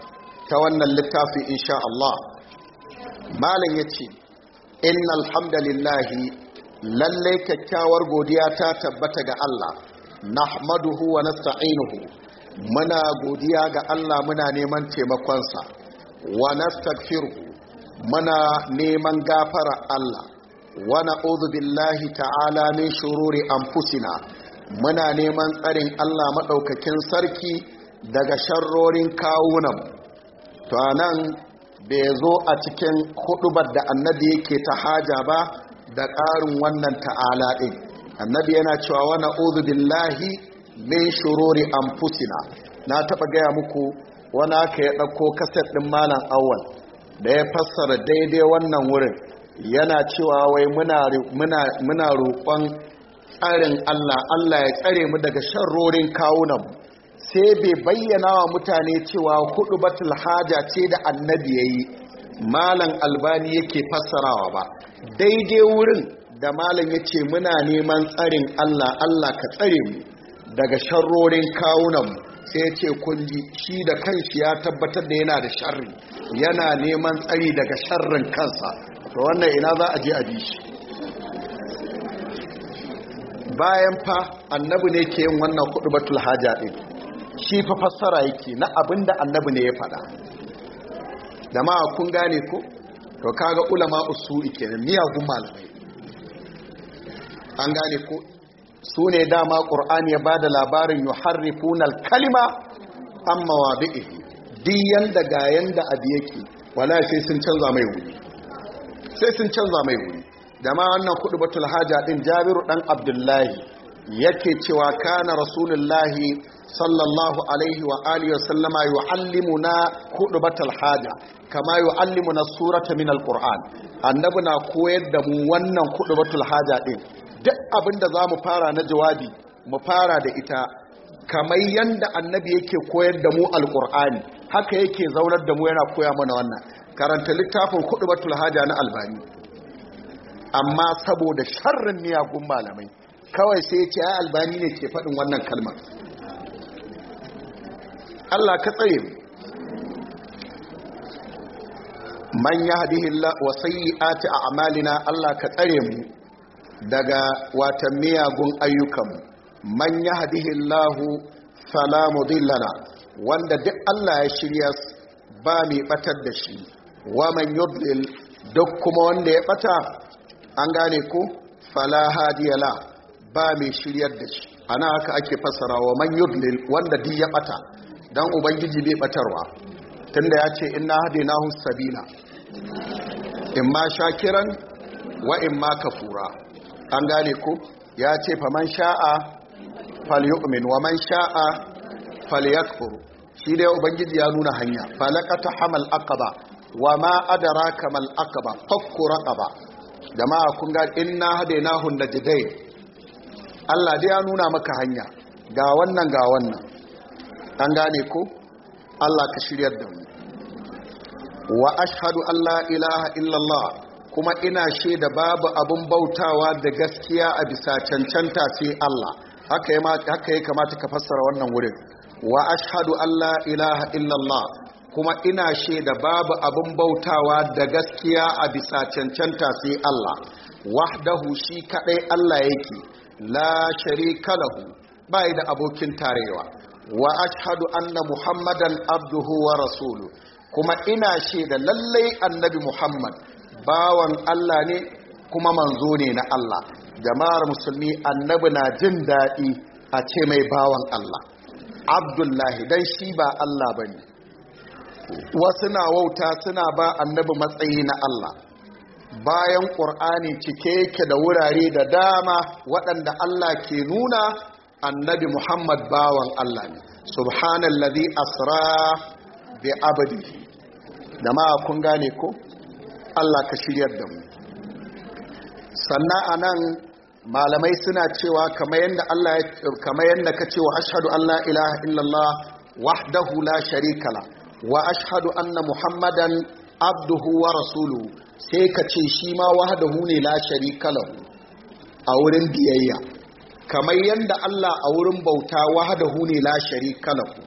ta wannan littafi insha Allah malam yace innal hamdalillahi lalle kyakkyawar godiya ta tabbata ga Allah nahmaduhu wa nasta'inuhu muna godiya ga Allah muna neman taimakonsa wa nastaghfiruhu muna neman gafara Allah wa na'udhu billahi ta'ala min shururi anfusina muna neman tsarin Allah maɗaukakin sarki daga sharrorin kawunan to nan bai zo a cikin hudubar da annabi yake ta haja ba da ƙarin wannan ta'ala ɗin annabi yana cewa wani billahi min shururi anfusina na taɓa gaya muku wani aka ya ɗauko kaset ɗin malam awwal da ya fassara daidai wannan wurin yana cewa wai muna roƙon tsarin Allah Allah ya tsare mu daga sharrorin kawunan sai bai bayyana wa mutane cewa hudu batul haja ce da annabi yayi malam albani yake fassarawa ba daidai wurin da malam yace muna neman tsarin Allah Allah ka tsare mu daga sharrorin kawunan sai ce kunji shi da kanshi ya tabbatar da yana da sharri yana neman tsari daga sharrin kansa to wannan ina za a je a bi shi bayan fa annabi ne ke yin wannan batul haja din shi fa fassara yake na abinda annabi ne ya faɗa ma kun gane ko to kaga ulama usuli kenan gun malamai an gane ko su ne dama ƙur'ani ya bada labarin yuharrifunal kalima an bi'i diyan da gayan da abi yake wala sai sun canza mai wuri sai sun canza mai wuri da ma wannan batul haja din jabiru ɗan abdullahi yake cewa kana rasulullahi sallallahu alaihi wa alihi wasallama yu'allimuna kudubatul haja kama yu'allimuna surata min alquran annabi na koyar da mu wannan batul haja din duk abinda zamu fara na jawabi mu fara da ita kamar yanda annabi yake koyar da mu alqur'ani haka yake zaunar da mu yana koya mana wannan karanta littafin batul haja na albani amma saboda sharrin miyagun malamai kawai sai ya ce ya albani ne ke faɗin wannan kalmar Allah ka tsaye man ya hadihilla wa a a'malina Allah ka tsare mu daga wata miyagun ayyukanmu man ya hu salamu mudillana wanda duk Allah ya shirya ba mai batar da shi wa man yudlil duk kuma wanda ya bata an gane ko fala hadiyala ba mai shiryar da shi ana haka ake fassara wa man yudlil wanda di ya bata dan ubangiji bai batarwa tunda ya ce inna hadinahu sabila imma shakiran wa imma kafura an gane ko ya ce fa man sha'a falyu'min wa man sha'a falyakfur shi dai ubangiji ya nuna hanya falaqata hamal aqaba wa ma adraka mal aqaba fakku raqaba jama'a kun ga inna da jidai Allah dai ya nuna maka hanya ga wannan ga wannan an gane ko Allah ka shiryar da mu wa ashhadu alla ilaha illa illallah kuma ina shaida babu abun bautawa da gaskiya a bisa cancanta sai Allah haka ya kamata ka fassara wannan wurin wa ashhadu alla ilaha ilaha illallah kuma ina shaida babu abin bautawa da gaskiya a bisa cancanta sai Allah wahdahu shi kadai Allah yake la sharika lahu bai da abokin tarewa wa ashhadu anna muhammadan abduhu wa rasulu kuma ina shaida lallai annabi muhammad bawan Allah ne kuma manzo ne na Allah jama'ar musulmi annabi na jin daɗi a ce mai bawan Allah abdullahi dan shi ba Allah bane wasu na wauta suna ba annabi matsayi na Allah bayan ƙur'ani cike yake da wurare da dama waɗanda Allah ke nuna annabi Muhammad bawan Allah ne subhanallazi asra bi ma jama'a kun gane ko Allah ka shiryar da mu sannan anan malamai suna cewa kamar yadda Allah kamar yadda kace wa ashhadu an la ilaha wahdahu la sharika wa ashhadu anna muhammadan abduhu wa rasuluhu sai ka ce shi ma wahdahu ne la sharika lahu a wurin biyayya kamar yadda Allah a wurin bauta wahdahu ne la sharika lahu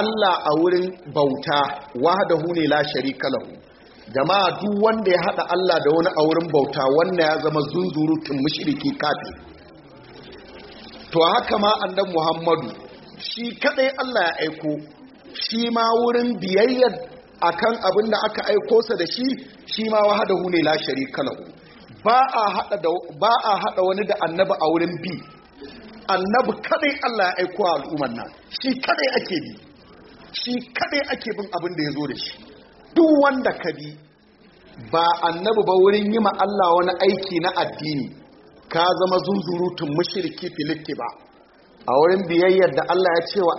Allah a wurin bauta wahdahu ne la sharika lahu jama'a duk wanda ya hada Allah da wani a wurin bauta wanda ya zama zunzurutun mushriki kafir to haka ma annabi Muhammadu shi kadai Allah ya aiko shi ma wurin biyayyar akan abin da aka aiko sa da shi shi ma wahadahu ne la sharika ba a hada wani da annabi a wurin bi annabi kadai Allah ya aiko al'ummar nan shi kadai ake bi shi kadai ake bin abin da yazo da shi duk wanda ka bi ba annabi ba wurin yi ma Allah wani aiki na addini ka zama zunzurutun mushriki filitti ba a wurin biyayyar da Allah ya ce wa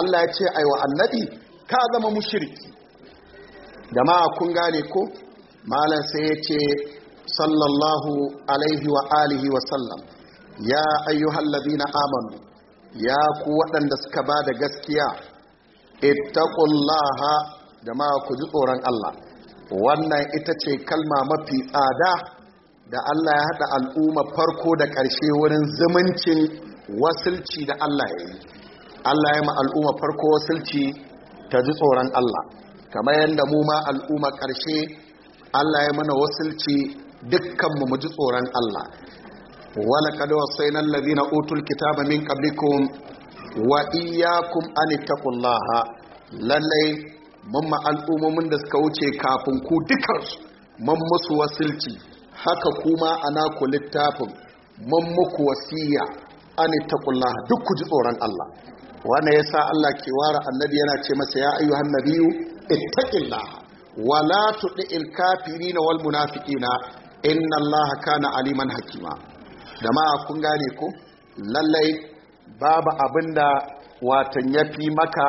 Allah ya ce aiwa annabi ka zama mushriki da ma kun gane ko malam sai ya ce sallallahu alaihi wa alihi wa sallam ya na amanu ya ku waɗanda suka ba da gaskiya ittaqullaha ma ku ji tsoron Allah wannan ita ce kalma mafi tsada da Allah ya haɗa al'umma farko da ƙarshe wurin zumuncin wasilci da Allah ya yi Allah ya ma al'umma farko wasilci ta ji tsoron Allah kamar yadda mu ma ƙarshe Allah ya mana wasilci dukkanmu mu ji tsoron Allah wala nan na na utul kitaba min qablikum wa iyyakum an taqullaha lallai mun ma da suka wuce kafin ku dukansu mun musu wasilci haka kuma ana ku littafin mun muku wasiya an ittaqullah duk ku ji tsoron Allah wannan yasa Allah ke wara annabi yana ce masa ya ayyuhan hannabiyu ittaqillah wala tu'il kafirin wal munafiqina inna Allah kana aliman hakima ma kun gane ko lallai babu abinda watan yafi maka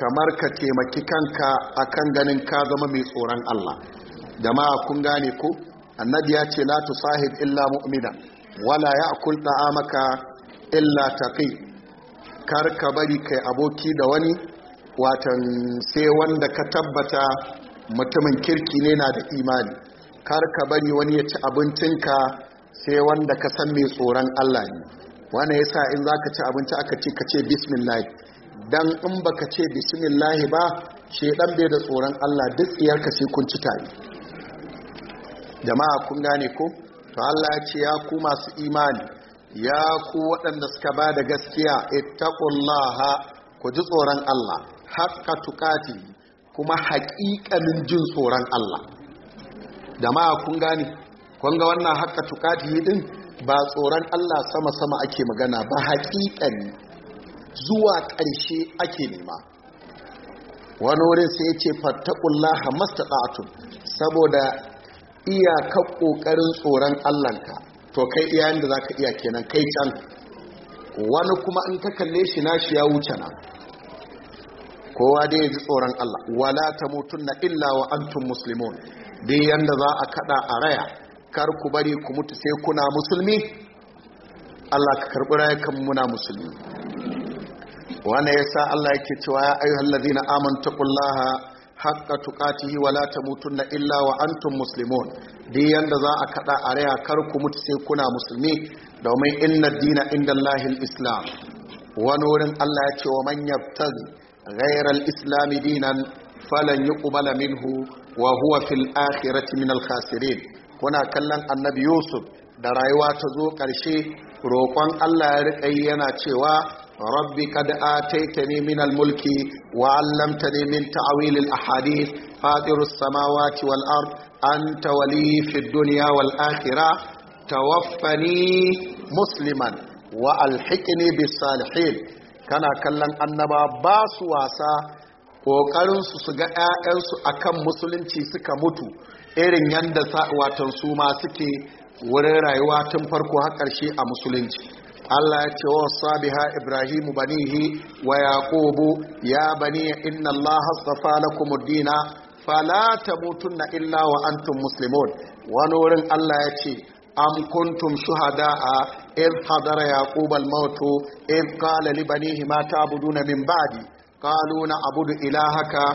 kamar ka taimaki kanka akan ganin ka zama mai tsoron Allah ma kun gane ko annabi ya ce la tusahib illa mu'mina wala ya ya'kul ta'amaka illa taqi kar ka bari kai aboki da wani watan sai wanda ka tabbata mutumin kirki ne na da imani kar ka bari wani ya ci abincinka sai wanda ka san mai tsoron Allah ne ya yasa in zaka ci abinci aka ce ka ce bismillah dan in baka ce bismillah ba shedan bai da tsoron Allah duk iyarka sai kun ci tare jama'a kun gane ko to Allah ya ce ya ku masu imani ya ku waɗanda suka ba da gaskiya ittaqullaha ku ji tsoron Allah haqqa tuqati kuma haƙiƙanin jin tsoron Allah Da kun gane kun ga wannan haqqa tuqati din ba tsoron Allah sama sama ake magana ba haƙiƙani zuwa ƙarshe ake nema wani wurin sai ya ce masta mastata'atun saboda iyakar ƙoƙarin tsoron Allahnka to kai iya yadda za ka iya kenan kai can wani kuma in ka kalle shi nashi ya wuce na kowa dai ya ji tsoron Allah wala ta mutun na illa wa antum muslimun dai yanda za a kada a raya kar ku bari ku mutu sai kuna musulmi Allah ka karbi kan muna musulmi wannan yasa Allah yake cewa ya ayyuhal ladina amantu qullaha haqqa tuqatihi ta tamutunna illa wa antum muslimun duk yanda za a kada a raya kar ku mutu sai kuna musulmi domin inna dina inda Allahil Islam wani wurin Allah ya ce wa manyan yabtazi ghayra al-islam dinan falan yuqbala minhu wa huwa fil akhirati min al-khasirin kuna kallon annabi Yusuf da rayuwa ta zo karshe roƙon Allah ya rika yana cewa rabbi kad ataitani min al-mulki wa 'allamtani min ta'wil al-ahadith fatiru samawati wal-ard أنت ولي في الدنيا والآخرة توفني مسلما وألحقني بالصالحين kana kallon annaba ba su wasa ƙoƙarinsu su ga 'ya'yansu akan musulunci suka mutu irin yadda watan su ma suke wurin rayuwa tun farko har ƙarshe a musulunci Allah ya ce wa sabiha Ibrahim banihi wa yaqubu ya bani inna Allah astafa lakum dina fala na illa wa antum muslimun wani wurin Allah ya ce am kuntum shuhada'a id hadara yaqub al-maut in qala li banihi ma ta'buduna min ba'di qalu abudu ilahaka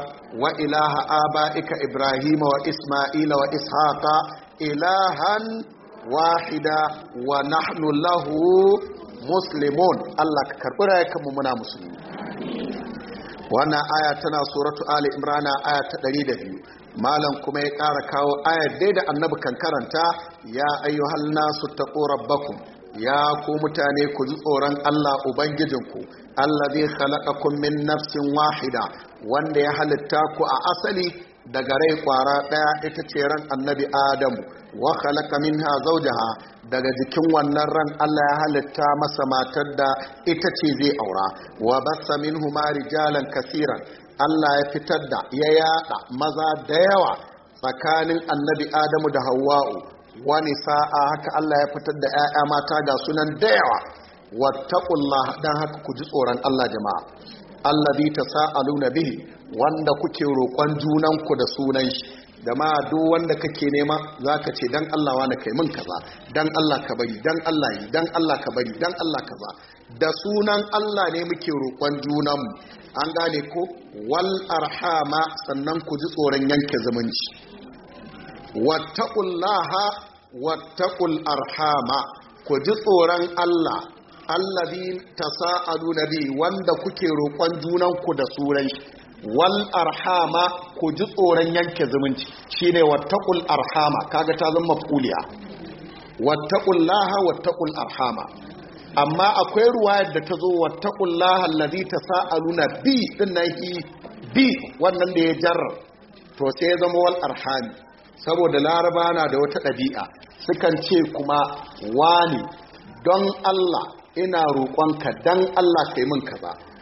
wa ilaha aba'ika ibrahima wa isma'ila wa ishaqa ilahan wahida wa nahnu lahu muslimun Allah ka karbi rayukan mu muna musulmi wannan aya tana suratu ali imrana aya ta da biyu. malam kuma ya ƙara kawo ayar dai da annabi kan karanta ya ayyuhal nasu taqu rabbakum ya ku mutane ku ji tsoron Allah ubangijinku Allah zai khalaqakum min nafsin wahida wanda ya halitta ku a asali daga rai kwara daya ita ce ran annabi adamu wa khalaqa minha zawjaha daga jikin wannan ran Allah ya halitta masa matar da ita ce zai aura wa bassa minhuma rijalan kaseeran Allah ya fitar da ya yada maza da yawa tsakanin annabi Adamu da Hawwa'u Wani sa'a haka Allah ya fitar da 'ya'ya mata ga sunan da yawa wattaqullah dan haka ku ji tsoron Allah jama'a allazi tasaaluna bihi wanda kuke roƙon junanku da sunan shi jama'a duk wanda kake nema za ka ce dan Allah wani kai min kaza dan Allah ka bari dan Allah yi dan Allah ka bari dan Allah kaza da sunan Allah ne muke roƙon junan mu an gane ko wal arhama sannan ku ji tsoron yanke zumunci wattaqullaha wattaqul arhama ku ji tsoron Allah allazi tasa'alu bi wanda kuke roƙon junanku da suran wal arhama ku ji tsoron yanke zumunci shine wattaqul arhama kaga ta zama maf'uliya wattaqullaha wattaqul arhama amma akwai ruwayar da ta zo wattaqullaha allazi nuna bi dinnahi bi wannan da ya jarra to sai ya zama wal arhami saboda laraba na da wata ɗabi'a sukan ce kuma wani don Allah ina roƙonka don Allah kai min kaza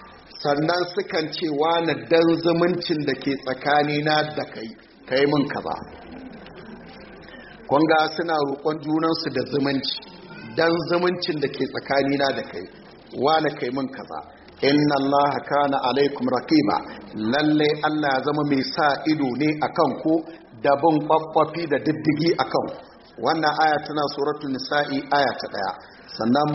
sannan sukan ce na dan zumuncin da ke tsakanina da kai kai min ka ba kunga suna roƙon junansu da zumunci dan zumuncin da ke tsakanina da kai na kai min ka ba inna allaha kana alaikum raqiba lalle allah zama mai sa ido ne akan ku da bin kwakwafi da diddigi akan wannan aya tana suratul nisa'i aya ta daya sannan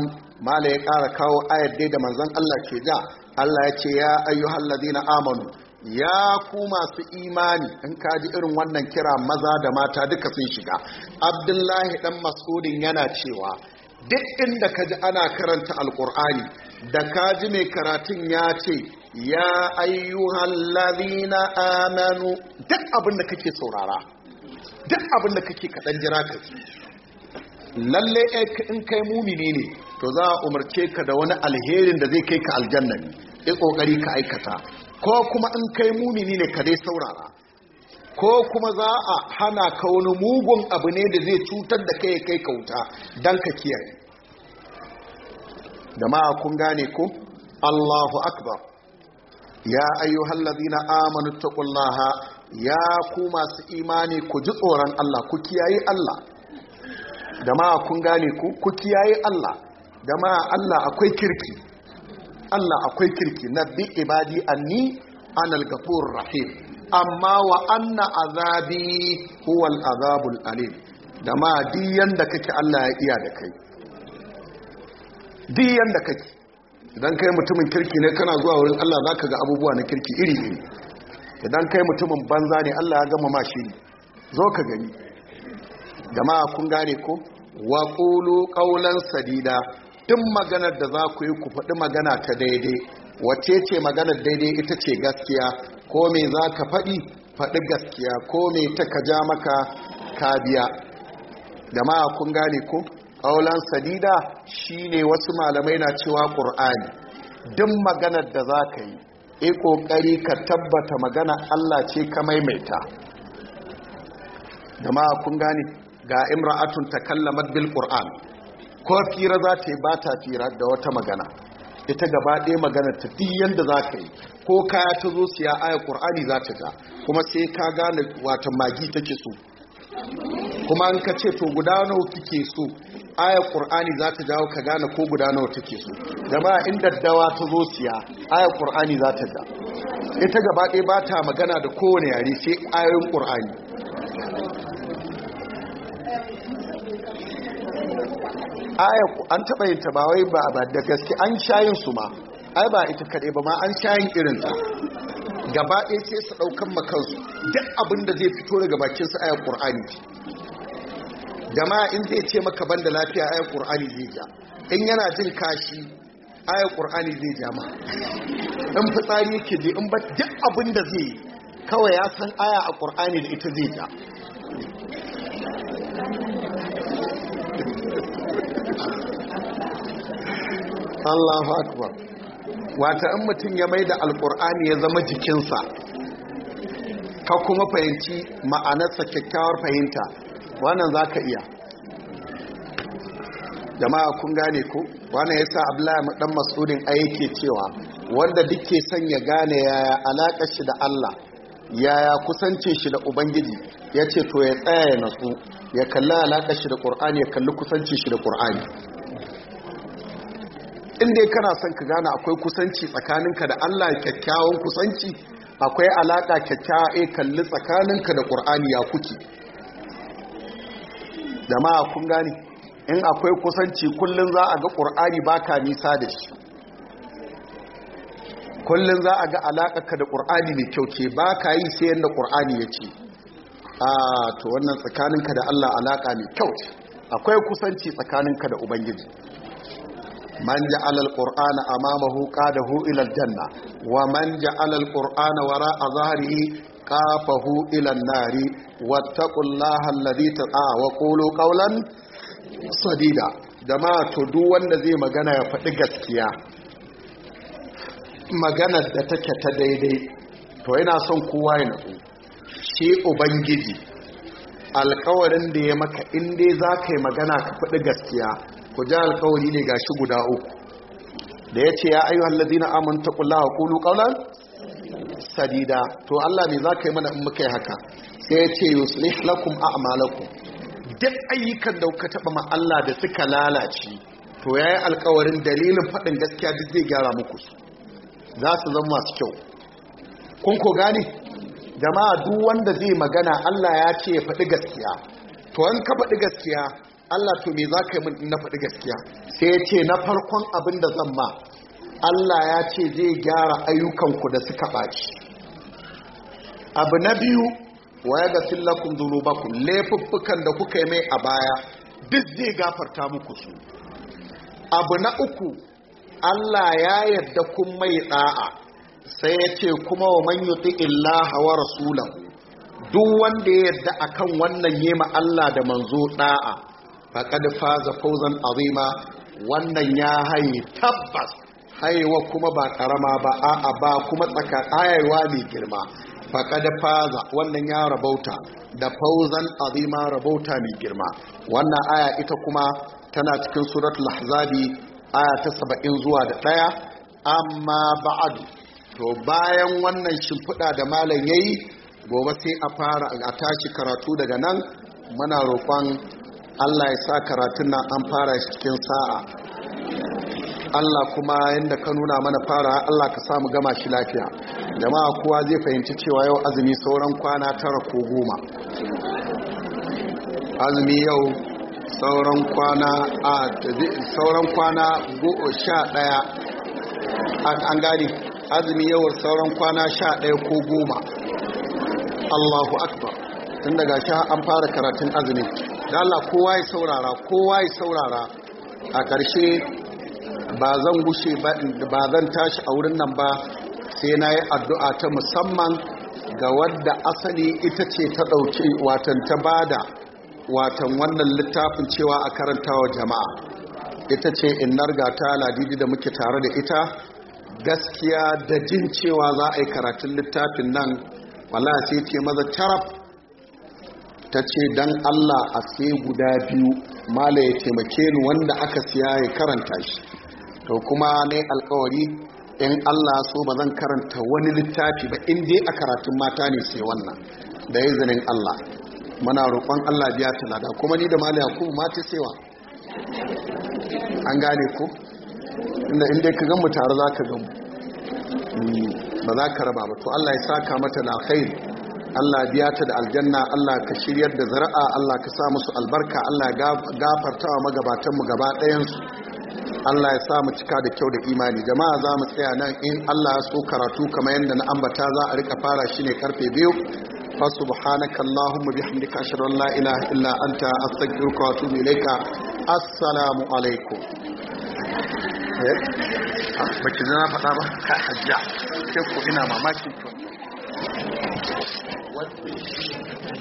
mala ya ƙara kawo ayar dai da manzon Allah ke ja Allah ya ce ya ayyuhal na amanu ya ku masu imani in kaji irin wannan kira maza da mata duka sun shiga abdullahi dan mas'udin yana cewa duk inda ka ana karanta alkur'ani da ka mai karatun ya ce ya ayyuhal na amanu duk abin da kake saurara duk abin da kake kaɗan jira ka ji lalle eh, in kai mumini ne to za a umarce ka da wani alherin da zai kai ka aljanna ya kokari ka aikata ko kuma in kai mumini ne ka dai saurara ko kuma za a hana ka wani mugun abu ne da zai cutar da kai kai kauta don ka kiyaye jama'a kun gane ku? Allahu akbar ya ayyuhal na amanu taqullaha ya ku masu imani ku ji tsoron Allah ku kiyaye Allah jama'a kun gane ku ku kiyaye Allah jama'a Allah akwai kirki Allah akwai kirki na bi ibadi anni anal gafur rahim amma wa anna azabi huwal azabul alim da ma diyan da kake Allah ya iya da kai diyan da kake idan kai mutumin kirki ne kana zuwa wurin Allah zaka ga abubuwa na kirki iri iri idan kai mutumin banza ne Allah ya gama ma shi zo ka gani jama'a kun gane ko wa qulu qawlan sadida duk maganar da za ku yi ku faɗi magana ta daidai wace ce maganar daidai ita ce gaskiya ko me za ka faɗi faɗi gaskiya ko me ta ka ja maka kabiya ma kun gane ko ƙaunar sadida ne wasu malamai na cewa ƙur'ani duk maganar da za ka yi e ƙoƙari ka tabbata magana allah ce ka maimaita Da ma kun gane ga imra'atun kallamar bil qur'an ko fira za ta yi ba ta fira da wata magana ita gaba ɗaya magana ta duk yadda za ka yi ko kaya ta zo siya aya ƙur'ani za ta ga kuma sai ka gane wata magi take so kuma an ka ce to guda nawa kike so aya ƙur'ani za ta jawo ka gane ko guda nawa take so Gaba in daddawa ta zo siya aya ƙur'ani za ta ga ita gaba ɗaya ba ta magana da kowane yare sai ayoyin ƙur'ani aya an taba yin ta ba wai ba ba da gaske an shayin su ma ai ba ita kade ba ma an shayin irin ta gaba ɗaya sai su ɗaukan makansu duk abin da zai fito daga bakin su aya qur'ani jama'a in zai ce maka banda lafiya aya qur'ani zai ja in yana jin kashi aya qur'ani zai ja ma in fitsari yake je in ba duk abin da zai kawai ya san aya a qur'ani da ita zai ja Allahu akbar wata in mutum ya mai da alkur'ani ya zama jikinsa ka kuma fahimci ma'anarsa kyakkyawar fahimta wannan za ka iya jama'a kun gane ku. wannan ya sa abdullahi dan masudin a yake cewa wanda duk ke son ya gane yaya alaƙar shi da allah yaya kusance shi da ubangiji ya ce to ya tsaya ya natsu ya kalli alaƙar shi da ƙur'ani ya kalli kusance shi da ƙur'ani inda kana son ka gane akwai kusanci tsakaninka da Allah kyakkyawan kusanci akwai alaka kyakkyawa a eh, kalli tsakaninka da Qur'ani ya kuke jama'a kun gane in akwai kusanci kullum za a ga Qur'ani baka nisa da shi Kullum za a ga ka da Qur'ani mai kyau ba baka yi sai yadda Qur'ani ya ce a to wannan tsakaninka da Allah alaka mai kyau akwai kusanci tsakaninka da Ubangiji man ja'ala alqur'ana amamahu qadahu ila aljanna wa man ja'ala alqur'ana wara'a zahrihi qafahu ila an-nari wattaqullaha alladhi ta'a wa qulu qawlan sadida jama'a to duk wanda zai magana ya faɗi gaskiya magana da take ta daidai to yana son kowa ya shi ubangiji alkawarin da ya maka inda za ka yi magana ka faɗi gaskiya ku ji alkawari ne gashi guda uku da ya ce ya ayyuhal ladina amanta qullaha Kulu kaunar? sadida to Allah ne za ka yi mana in muka yi haka sai ya ce yusuf lakum a'malakum duk ayyukan da kuka taba ma Allah da suka lalace to ya yi alkawarin dalilin faɗin gaskiya duk zai gyara muku za su zama masu kyau kun ko gane jama'a duk wanda zai magana Allah ya ce ya faɗi gaskiya to an ka faɗi gaskiya Allah to me za ka yi min na faɗi gaskiya sai ya ce na farkon abin da zan ma Allah ya ce zai gyara ayyukanku da suka ɓaci abu na biyu wa ya ga sillakun zunubakun laifuffukan da kuka yi mai a baya duk zai gafarta muku su abu na uku Allah ya yarda kun mai ɗa'a sai ya ce kuma wa man yuti illaha wa rasulahu duk wanda ya yarda akan wannan yema Allah da manzo ɗa'a faqad faza fawzan azima wannan ya hayi tabbas haiwa kuma ba karama ba a'a ba kuma tsaka ayyawa mai girma faqad faza wannan ya rabauta da fawzan azima rabauta mai girma wannan aya ita kuma tana cikin suratul ahzabi aya ta 70 zuwa da ɗaya. amma ba'adu to bayan wannan shimfiɗa da malam yayi gobe sai a fara a tashi karatu daga nan muna roƙon Allah ya sa karatun nan an fara shi cikin sa'a Allah kuma yadda ka nuna mana fara Allah ka samu gama shi lafiya jama'a kowa zai fahimci cewa yau azumi sauran kwana tara ko goma azumi yau sauran kwana a sauran kwana sha ɗaya an gani azumi yau sauran kwana sha ko goma Allahu akbar tun daga sha an fara karatun azumi da Allah kowa ya saurara kowa ya saurara a ƙarshe ba zan gushe ba zan tashi a wurin nan ba sai na yi addu'a ta musamman ga wadda asali ita ce ta ɗauki watan ta bada watan wannan littafin cewa a karantawa jama'a ita ce innar ta ladidi da muke tare da ita gaskiya da jin cewa za a yi karatun littafin nan wala sai ce maza taraf ta ce don allah a sai guda biyu mala ya taimake ni wanda aka siya ya karanta shi to kuma ne alkawari in allah so ba zan karanta wani littafi ba in dai a karatun mata ne sai wannan da izinin allah muna roƙon allah biya lada. kuma ni da mala ya ma mata sewa an gane ko inda inda ka gan mu tare za ka gan mu hmm, ba za ka raba ba to allah ya saka mata la khair Allah biya ta da aljanna Allah ka shiryar da zara'a Allah ka sa musu albarka Allah gafarta wa magabatanmu gaba ɗayansu Allah ya sa mu cika da kyau da imani jama'a za mu tsaya nan in Allah ya so karatu kamar yadda na ambata za a rika fara shi ne karfe biyu fa subhanaka allahumma bihamdika ashhadu an la ilaha illa anta astaghfiruka wa atubu ilaika assalamu alaikum eh? ah, baki zana faɗa ba ka hajja sai ko ina mamakin to one